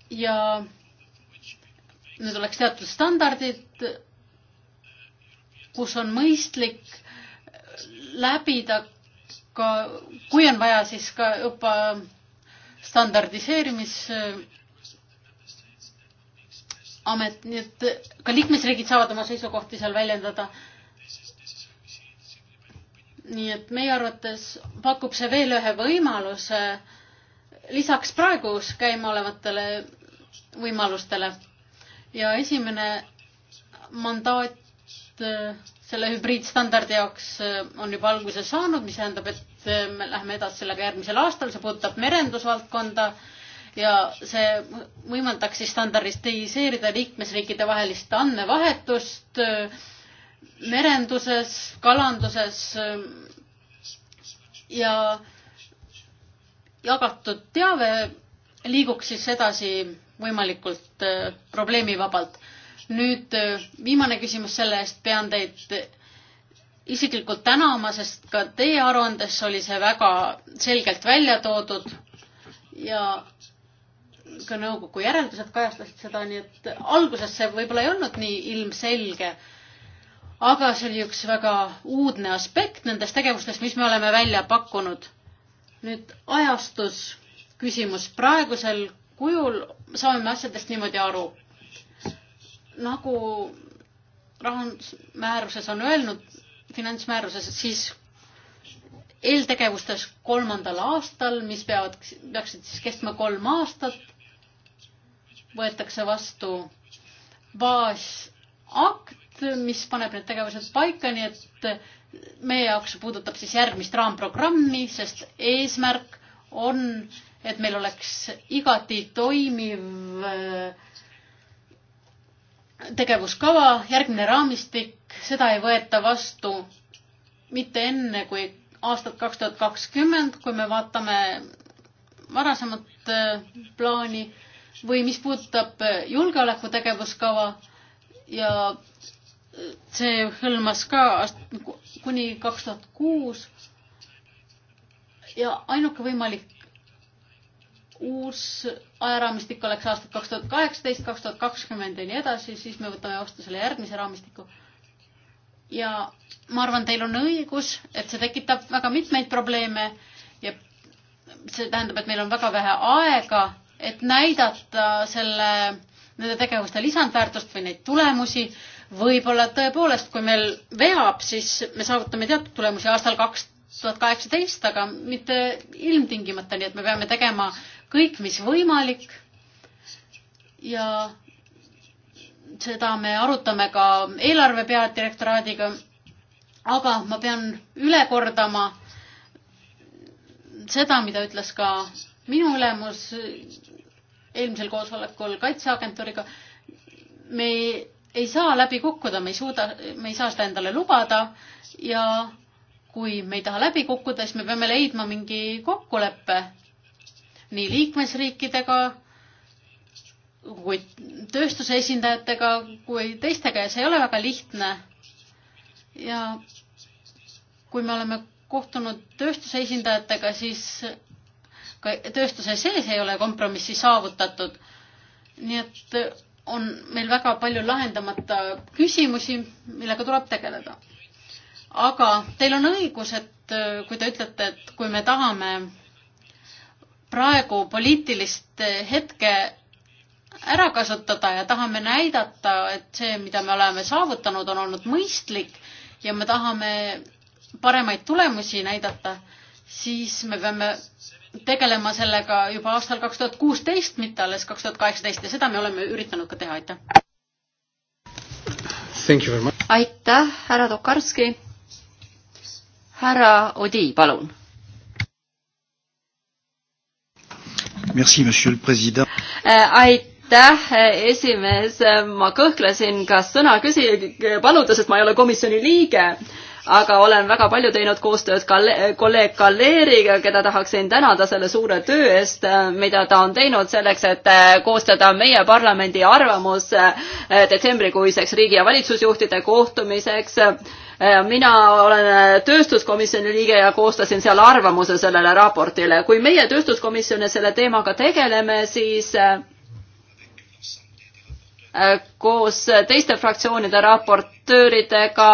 ja need oleks teatud standardid, kus on mõistlik läbida ka, kui on vaja, siis ka juba standardiseerimisamet, nii et ka liikmesriigid saavad oma seisukohti seal väljendada. nii et meie arvates pakub see veel ühe võimaluse lisaks praegus käimaolevatele võimalustele. ja esimene mandaat äh, selle hübriidstandardi jaoks äh, on juba alguse saanud, mis tähendab, et äh, me läheme edasi sellega järgmisel aastal, see puudutab merendusvaldkonda ja see võimaldaks siis standardiseerida liikmesriikide vahelist andmevahetust merenduses, kalanduses ja jagatud teave liiguks siis edasi võimalikult äh, probleemivabalt. nüüd äh, viimane küsimus selle eest, pean teid äh, isiklikult tänama, sest ka teie aruandes oli see väga selgelt välja toodud ja ka nõukogu järeldused kajastasid seda, nii et alguses see võib-olla ei olnud nii ilmselge. aga see oli üks väga uudne aspekt nendest tegevustest, mis me oleme välja pakkunud. nüüd ajastus küsimus. praegusel kujul saame me asjadest niimoodi aru. nagu rahandusmääruses on öelnud, finantsmääruses, siis eeltegevustes kolmandal aastal, mis peavad, peaksid siis kestma kolm aastat, võetakse vastu baasakt, mis paneb need tegevused paika, nii et meie jaoks puudutab siis järgmist raamprogrammi, sest eesmärk on et meil oleks igati toimiv äh, tegevuskava, järgmine raamistik, seda ei võeta vastu mitte enne kui aastat kaks tuhat kakskümmend, kui me vaatame varasemat äh, plaani või mis puudutab äh, julgeoleku tegevuskava ja see hõlmas ka kuni kaks tuhat kuus. ja ainuke võimalik uus ajaraamistik oleks aastad kaks tuhat kaheksateist, kaks tuhat kakskümmend ja nii edasi, siis me võtame vastu selle järgmise raamistiku. ja ma arvan, teil on õigus, et see tekitab väga mitmeid probleeme ja see tähendab, et meil on väga vähe aega, et näidata selle, nende tegevuste lisandväärtust või neid tulemusi. võib-olla tõepoolest, kui meil veab, siis me saavutame teatud tulemusi aastal kaks tuhat kaheksateist, aga mitte ilmtingimata, nii et me peame tegema kõik, mis võimalik. ja seda me arutame ka eelarve peadirektoraadiga. aga ma pean üle kordama seda, mida ütles ka minu ülemus eelmisel koosolekul kaitseagentuuriga. me ei, ei saa läbi kukkuda, me ei suuda, me ei saa seda endale lubada ja kui me ei taha läbi kukkuda, siis me peame leidma mingi kokkuleppe nii liikmesriikidega kui tööstuse esindajatega kui teistega ja see ei ole väga lihtne. ja kui me oleme kohtunud tööstuse esindajatega, siis ka tööstuse sees ei ole kompromissi saavutatud. nii et on meil väga palju lahendamata küsimusi, millega tuleb tegeleda. aga teil on õigus, et kui te ütlete, et kui me tahame praegu poliitilist hetke ära kasutada ja tahame näidata, et see, mida me oleme saavutanud, on olnud mõistlik ja me tahame paremaid tulemusi näidata, siis me peame tegelema sellega juba aastal kaks tuhat kuusteist, mitte alles kaks tuhat kaheksateist ja seda me oleme üritanud ka teha, aitäh. aitäh, härra Tokarski. härra Odi, palun Äh, aitäh, äh, esimees, äh, ma kõhklesin, kas sõna küsi-, paluda, sest ma ei ole komisjoni liige aga olen väga palju teinud koostööd kolleeg Kalleeriga, keda tahaksin tänada selle suure töö eest, mida ta on teinud selleks, et koostada meie parlamendi arvamus detsembrikuiseks riigi ja valitsusjuhtide kohtumiseks Äh, mina olen äh, tööstuskomisjoni liige ja koostasin seal arvamuse sellele raportile. kui meie tööstuskomisjonis selle teemaga tegeleme, siis äh, koos teiste fraktsioonide raportööridega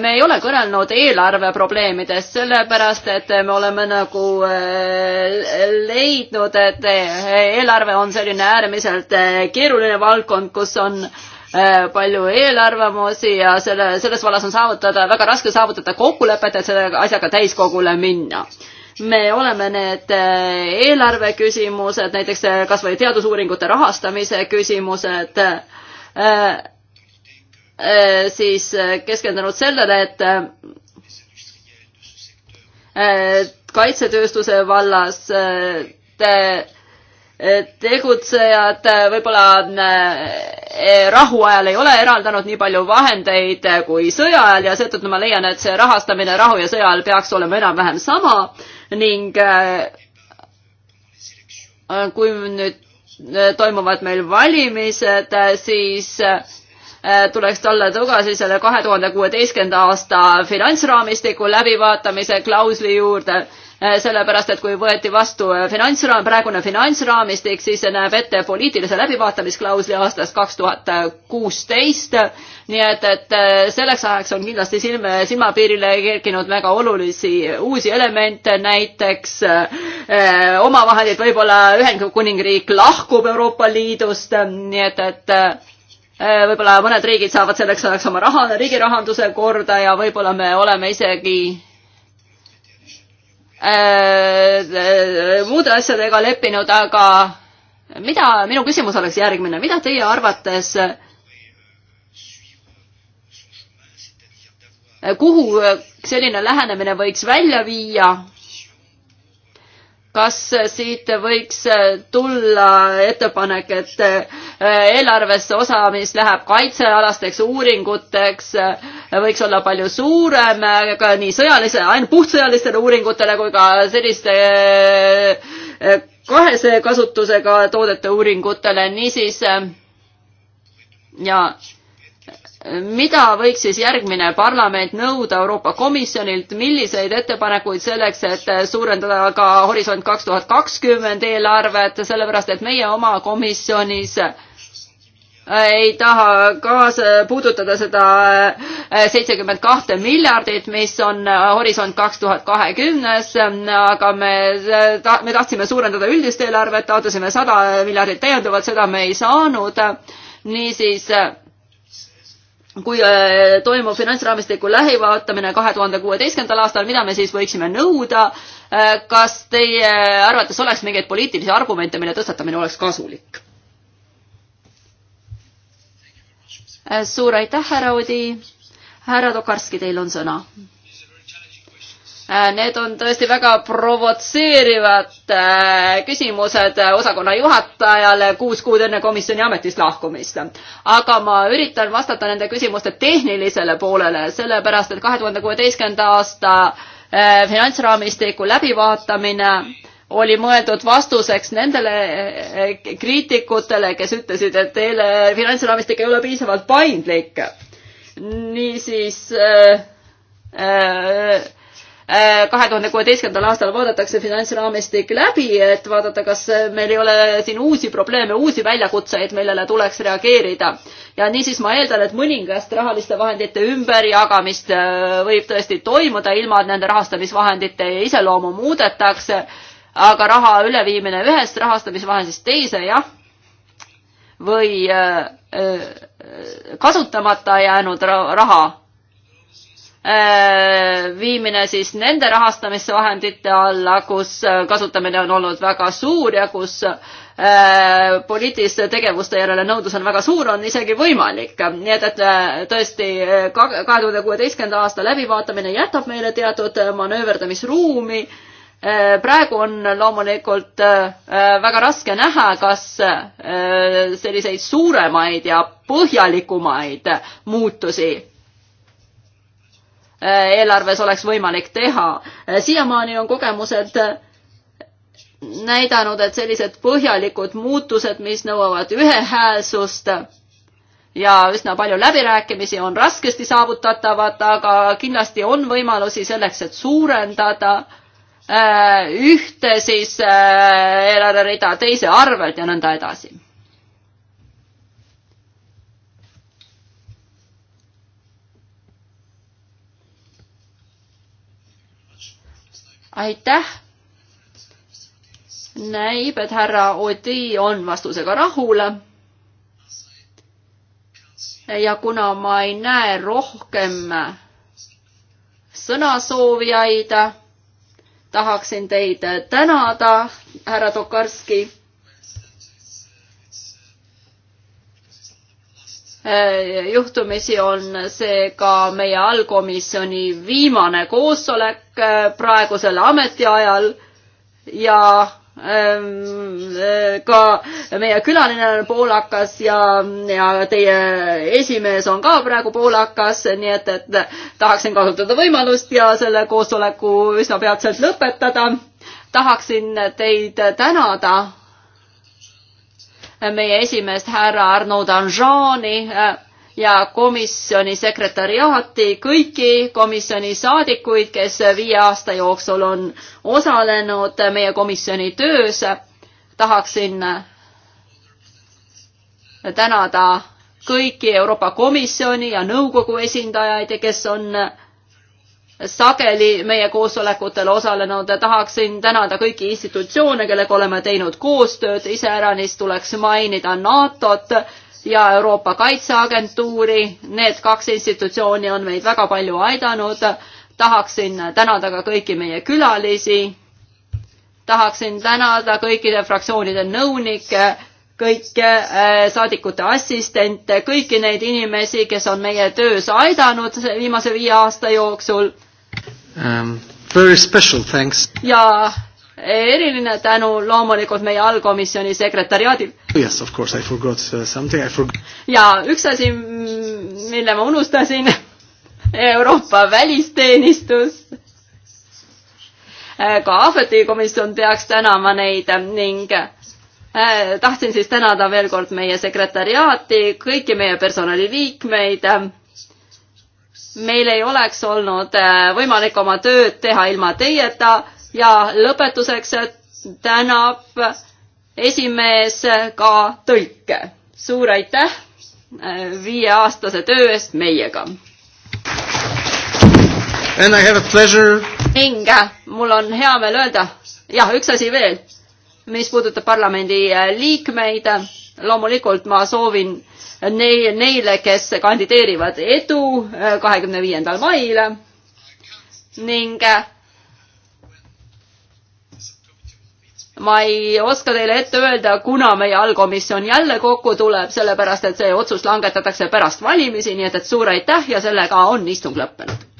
me ei ole kõnelnud eelarve probleemidest, sellepärast et me oleme nagu leidnud, et eelarve on selline äärmiselt keeruline valdkond, kus on äh, Äh, palju eelarvamusi ja selle, selles vallas on saavutada, väga raske saavutada kokkulepet, et selle asjaga täiskogule minna me oleme need äh, eelarve küsimused, näiteks äh, kas või teadusuuringute rahastamise küsimused, siis keskendunud sellele, et kaitsetööstuse vallas te tegutsejad äh, võib-olla äh, äh, rahuajal ei ole eraldanud nii palju vahendeid kui sõja ajal ja seetõttu ma leian, et see rahastamine rahu ja sõja ajal peaks olema enam-vähem sama ning kui nüüd toimuvad meil valimised, siis tuleks talle tagasi selle kahe tuhande kuueteistkümnenda aasta finantsraamistiku läbivaatamise klausli juurde Eh, sellepärast et kui võeti vastu eh, finantsraam, praegune finantsraamistik, siis see näeb ette poliitilise läbivaatamisklausli aastast kaks tuhat kuusteist. nii et, et eh, selleks ajaks on kindlasti silme, silmapiirile kerkinud väga olulisi uusi elemente, näiteks eh, omavahendid, võib-olla Ühendkuningriik lahkub Euroopa Liidust, nii et, et võib-olla mõned riigid saavad selleks ajaks oma raha, riigi rahanduse korda ja võib-olla me oleme isegi Äh, äh, muude asjadega leppinud, aga mida, minu küsimus oleks järgmine, mida teie arvates, kuhu selline lähenemine võiks välja viia? kas siit võiks tulla ettepanek, et eh, eelarvesse osa, mis läheb kaitsealasteks uuringuteks, eh, võiks olla palju suurem, eh, ka nii sõjalise, ainult puhtsõjalistele uuringutele kui ka selliste kahese kasutusega toodete uuringutele, niisiis ja mida võiks siis järgmine parlament nõuda Euroopa Komisjonilt, milliseid ettepanekuid selleks, et suurendada ka Horisont kaks tuhat kakskümmend eelarvet, sellepärast et meie oma komisjonis ei taha kaasa puudutada seda seitsekümmend kahte miljardit, mis on Horisont kaks tuhat kahekümnes, aga me ta-, me tahtsime suurendada üldist eelarvet, taotlesime sada miljardit täiendavat, seda me ei saanud, niisiis kui äh, toimub finantsraamistiku lähivaatamine kahe tuhande kuueteistkümnendal aastal, mida me siis võiksime nõuda? Äh, kas teie arvates oleks mingeid poliitilisi argumente, mille tõstatamine oleks kasulik? Äh, suur aitäh, härra Odi. härra Tokarski, teil on sõna Äh, need on tõesti väga provotseerivad äh, küsimused äh, osakonna juhatajale kuus kuud enne komisjoni ametist lahkumist. aga ma üritan vastata nende küsimuste tehnilisele poolele, sellepärast et kahe tuhande kuueteistkümnenda aasta finantsraamistiku läbivaatamine oli mõeldud vastuseks nendele kriitikutele, kes ütlesid, et teile finantsraamistik ei ole piisavalt paindlik. niisiis äh, äh, kahe tuhande kuueteistkümnendal aastal vaadatakse finantsraamistik läbi, et vaadata, kas meil ei ole siin uusi probleeme, uusi väljakutseid, millele tuleks reageerida. ja niisiis ma eeldan, et mõningast rahaliste vahendite ümberjagamist äh, võib tõesti toimuda, ilma et nende rahastamisvahendite iseloomu muudetakse, aga raha üleviimine ühest rahastamisvahendist teise, jah, või äh, äh, kasutamata jäänud raha Äh, viimine siis nende rahastamisvahendite alla, kus äh, kasutamine on olnud väga suur ja kus äh, poliitiliste tegevuste järele nõudlus on väga suur, on isegi võimalik. nii et, et tõesti kahe tuhande kuueteistkümnenda aasta läbivaatamine jätab meile teatud manööverdamisruumi. praegu on loomulikult väga raske näha, kas selliseid suuremaid ja põhjalikumaid muutusi Äh, eelarves oleks võimalik teha. Äh, siiamaani on kogemused äh, näidanud, et sellised põhjalikud muutused, mis nõuavad ühehäälsust ja üsna palju läbirääkimisi, on raskesti saavutatavad, aga kindlasti on võimalusi selleks, et suurendada ühte siis eelarverida teise arvelt ja nõnda edasi aitäh. näib, et härra Odi on vastusega rahul. ja kuna ma ei näe rohkem sõnasoovijaid, tahaksin teid tänada, härra Tokarski Äh, juhtumisi on see ka meie allkomisjoni viimane koosolek äh, praegusel ametiajal ja ähm, äh, ka meie külaline on poolakas ja, ja teie esimees on ka praegu poolakas, nii et, et tahaksin kasutada võimalust ja selle koosoleku üsna peatselt lõpetada. tahaksin teid tänada meie esimeest härra Arno Danjani äh, ja komisjoni sekretariaati, kõiki komisjoni saadikuid, kes viie aasta jooksul on osalenud meie komisjoni töös. tahaksin äh, tänada kõiki Euroopa Komisjoni ja nõukogu esindajaid, kes on sageli meie koosolekutel osalenud. tahaksin tänada kõiki institutsioone, kellega oleme teinud koostööd, iseäranis tuleks mainida NATO-t ja Euroopa Kaitseagentuuri. Need kaks institutsiooni on meid väga palju aidanud. tahaksin tänada ka kõiki meie külalisi. tahaksin tänada kõikide fraktsioonide nõunikke, kõiki äh, saadikute assistente, kõiki neid inimesi, kes on meie töös aidanud viimase viie aasta jooksul um,. Very special thanks. ja eh, eriline tänu loomulikult meie allkomisjoni sekretariaadil. Yes, of course I forgot uh, something, I forgot. ja üks asi, mille ma unustasin Euroopa välisteenistus. Eh, ka Ahveti komisjon peaks tänama neid ning eh, tahtsin siis tänada veel kord meie sekretariaati, kõiki meie personaliliikmeid meil ei oleks olnud äh, võimalik oma tööd teha ilma teieta ja lõpetuseks tänab esimees ka tõlke. suur aitäh äh, viieaastase töö eest meiega. ning äh, mul on hea meel öelda, jah, üks asi veel, mis puudutab parlamendi liikmeid. loomulikult ma soovin neil, neile, kes kandideerivad edu äh, kahekümne viiendal mail ning äh, ma ei oska teile ette öelda, kuna meie allkomisjon jälle kokku tuleb, sellepärast et see otsus langetatakse pärast valimisi, nii et, et suur aitäh ja sellega on istung lõppenud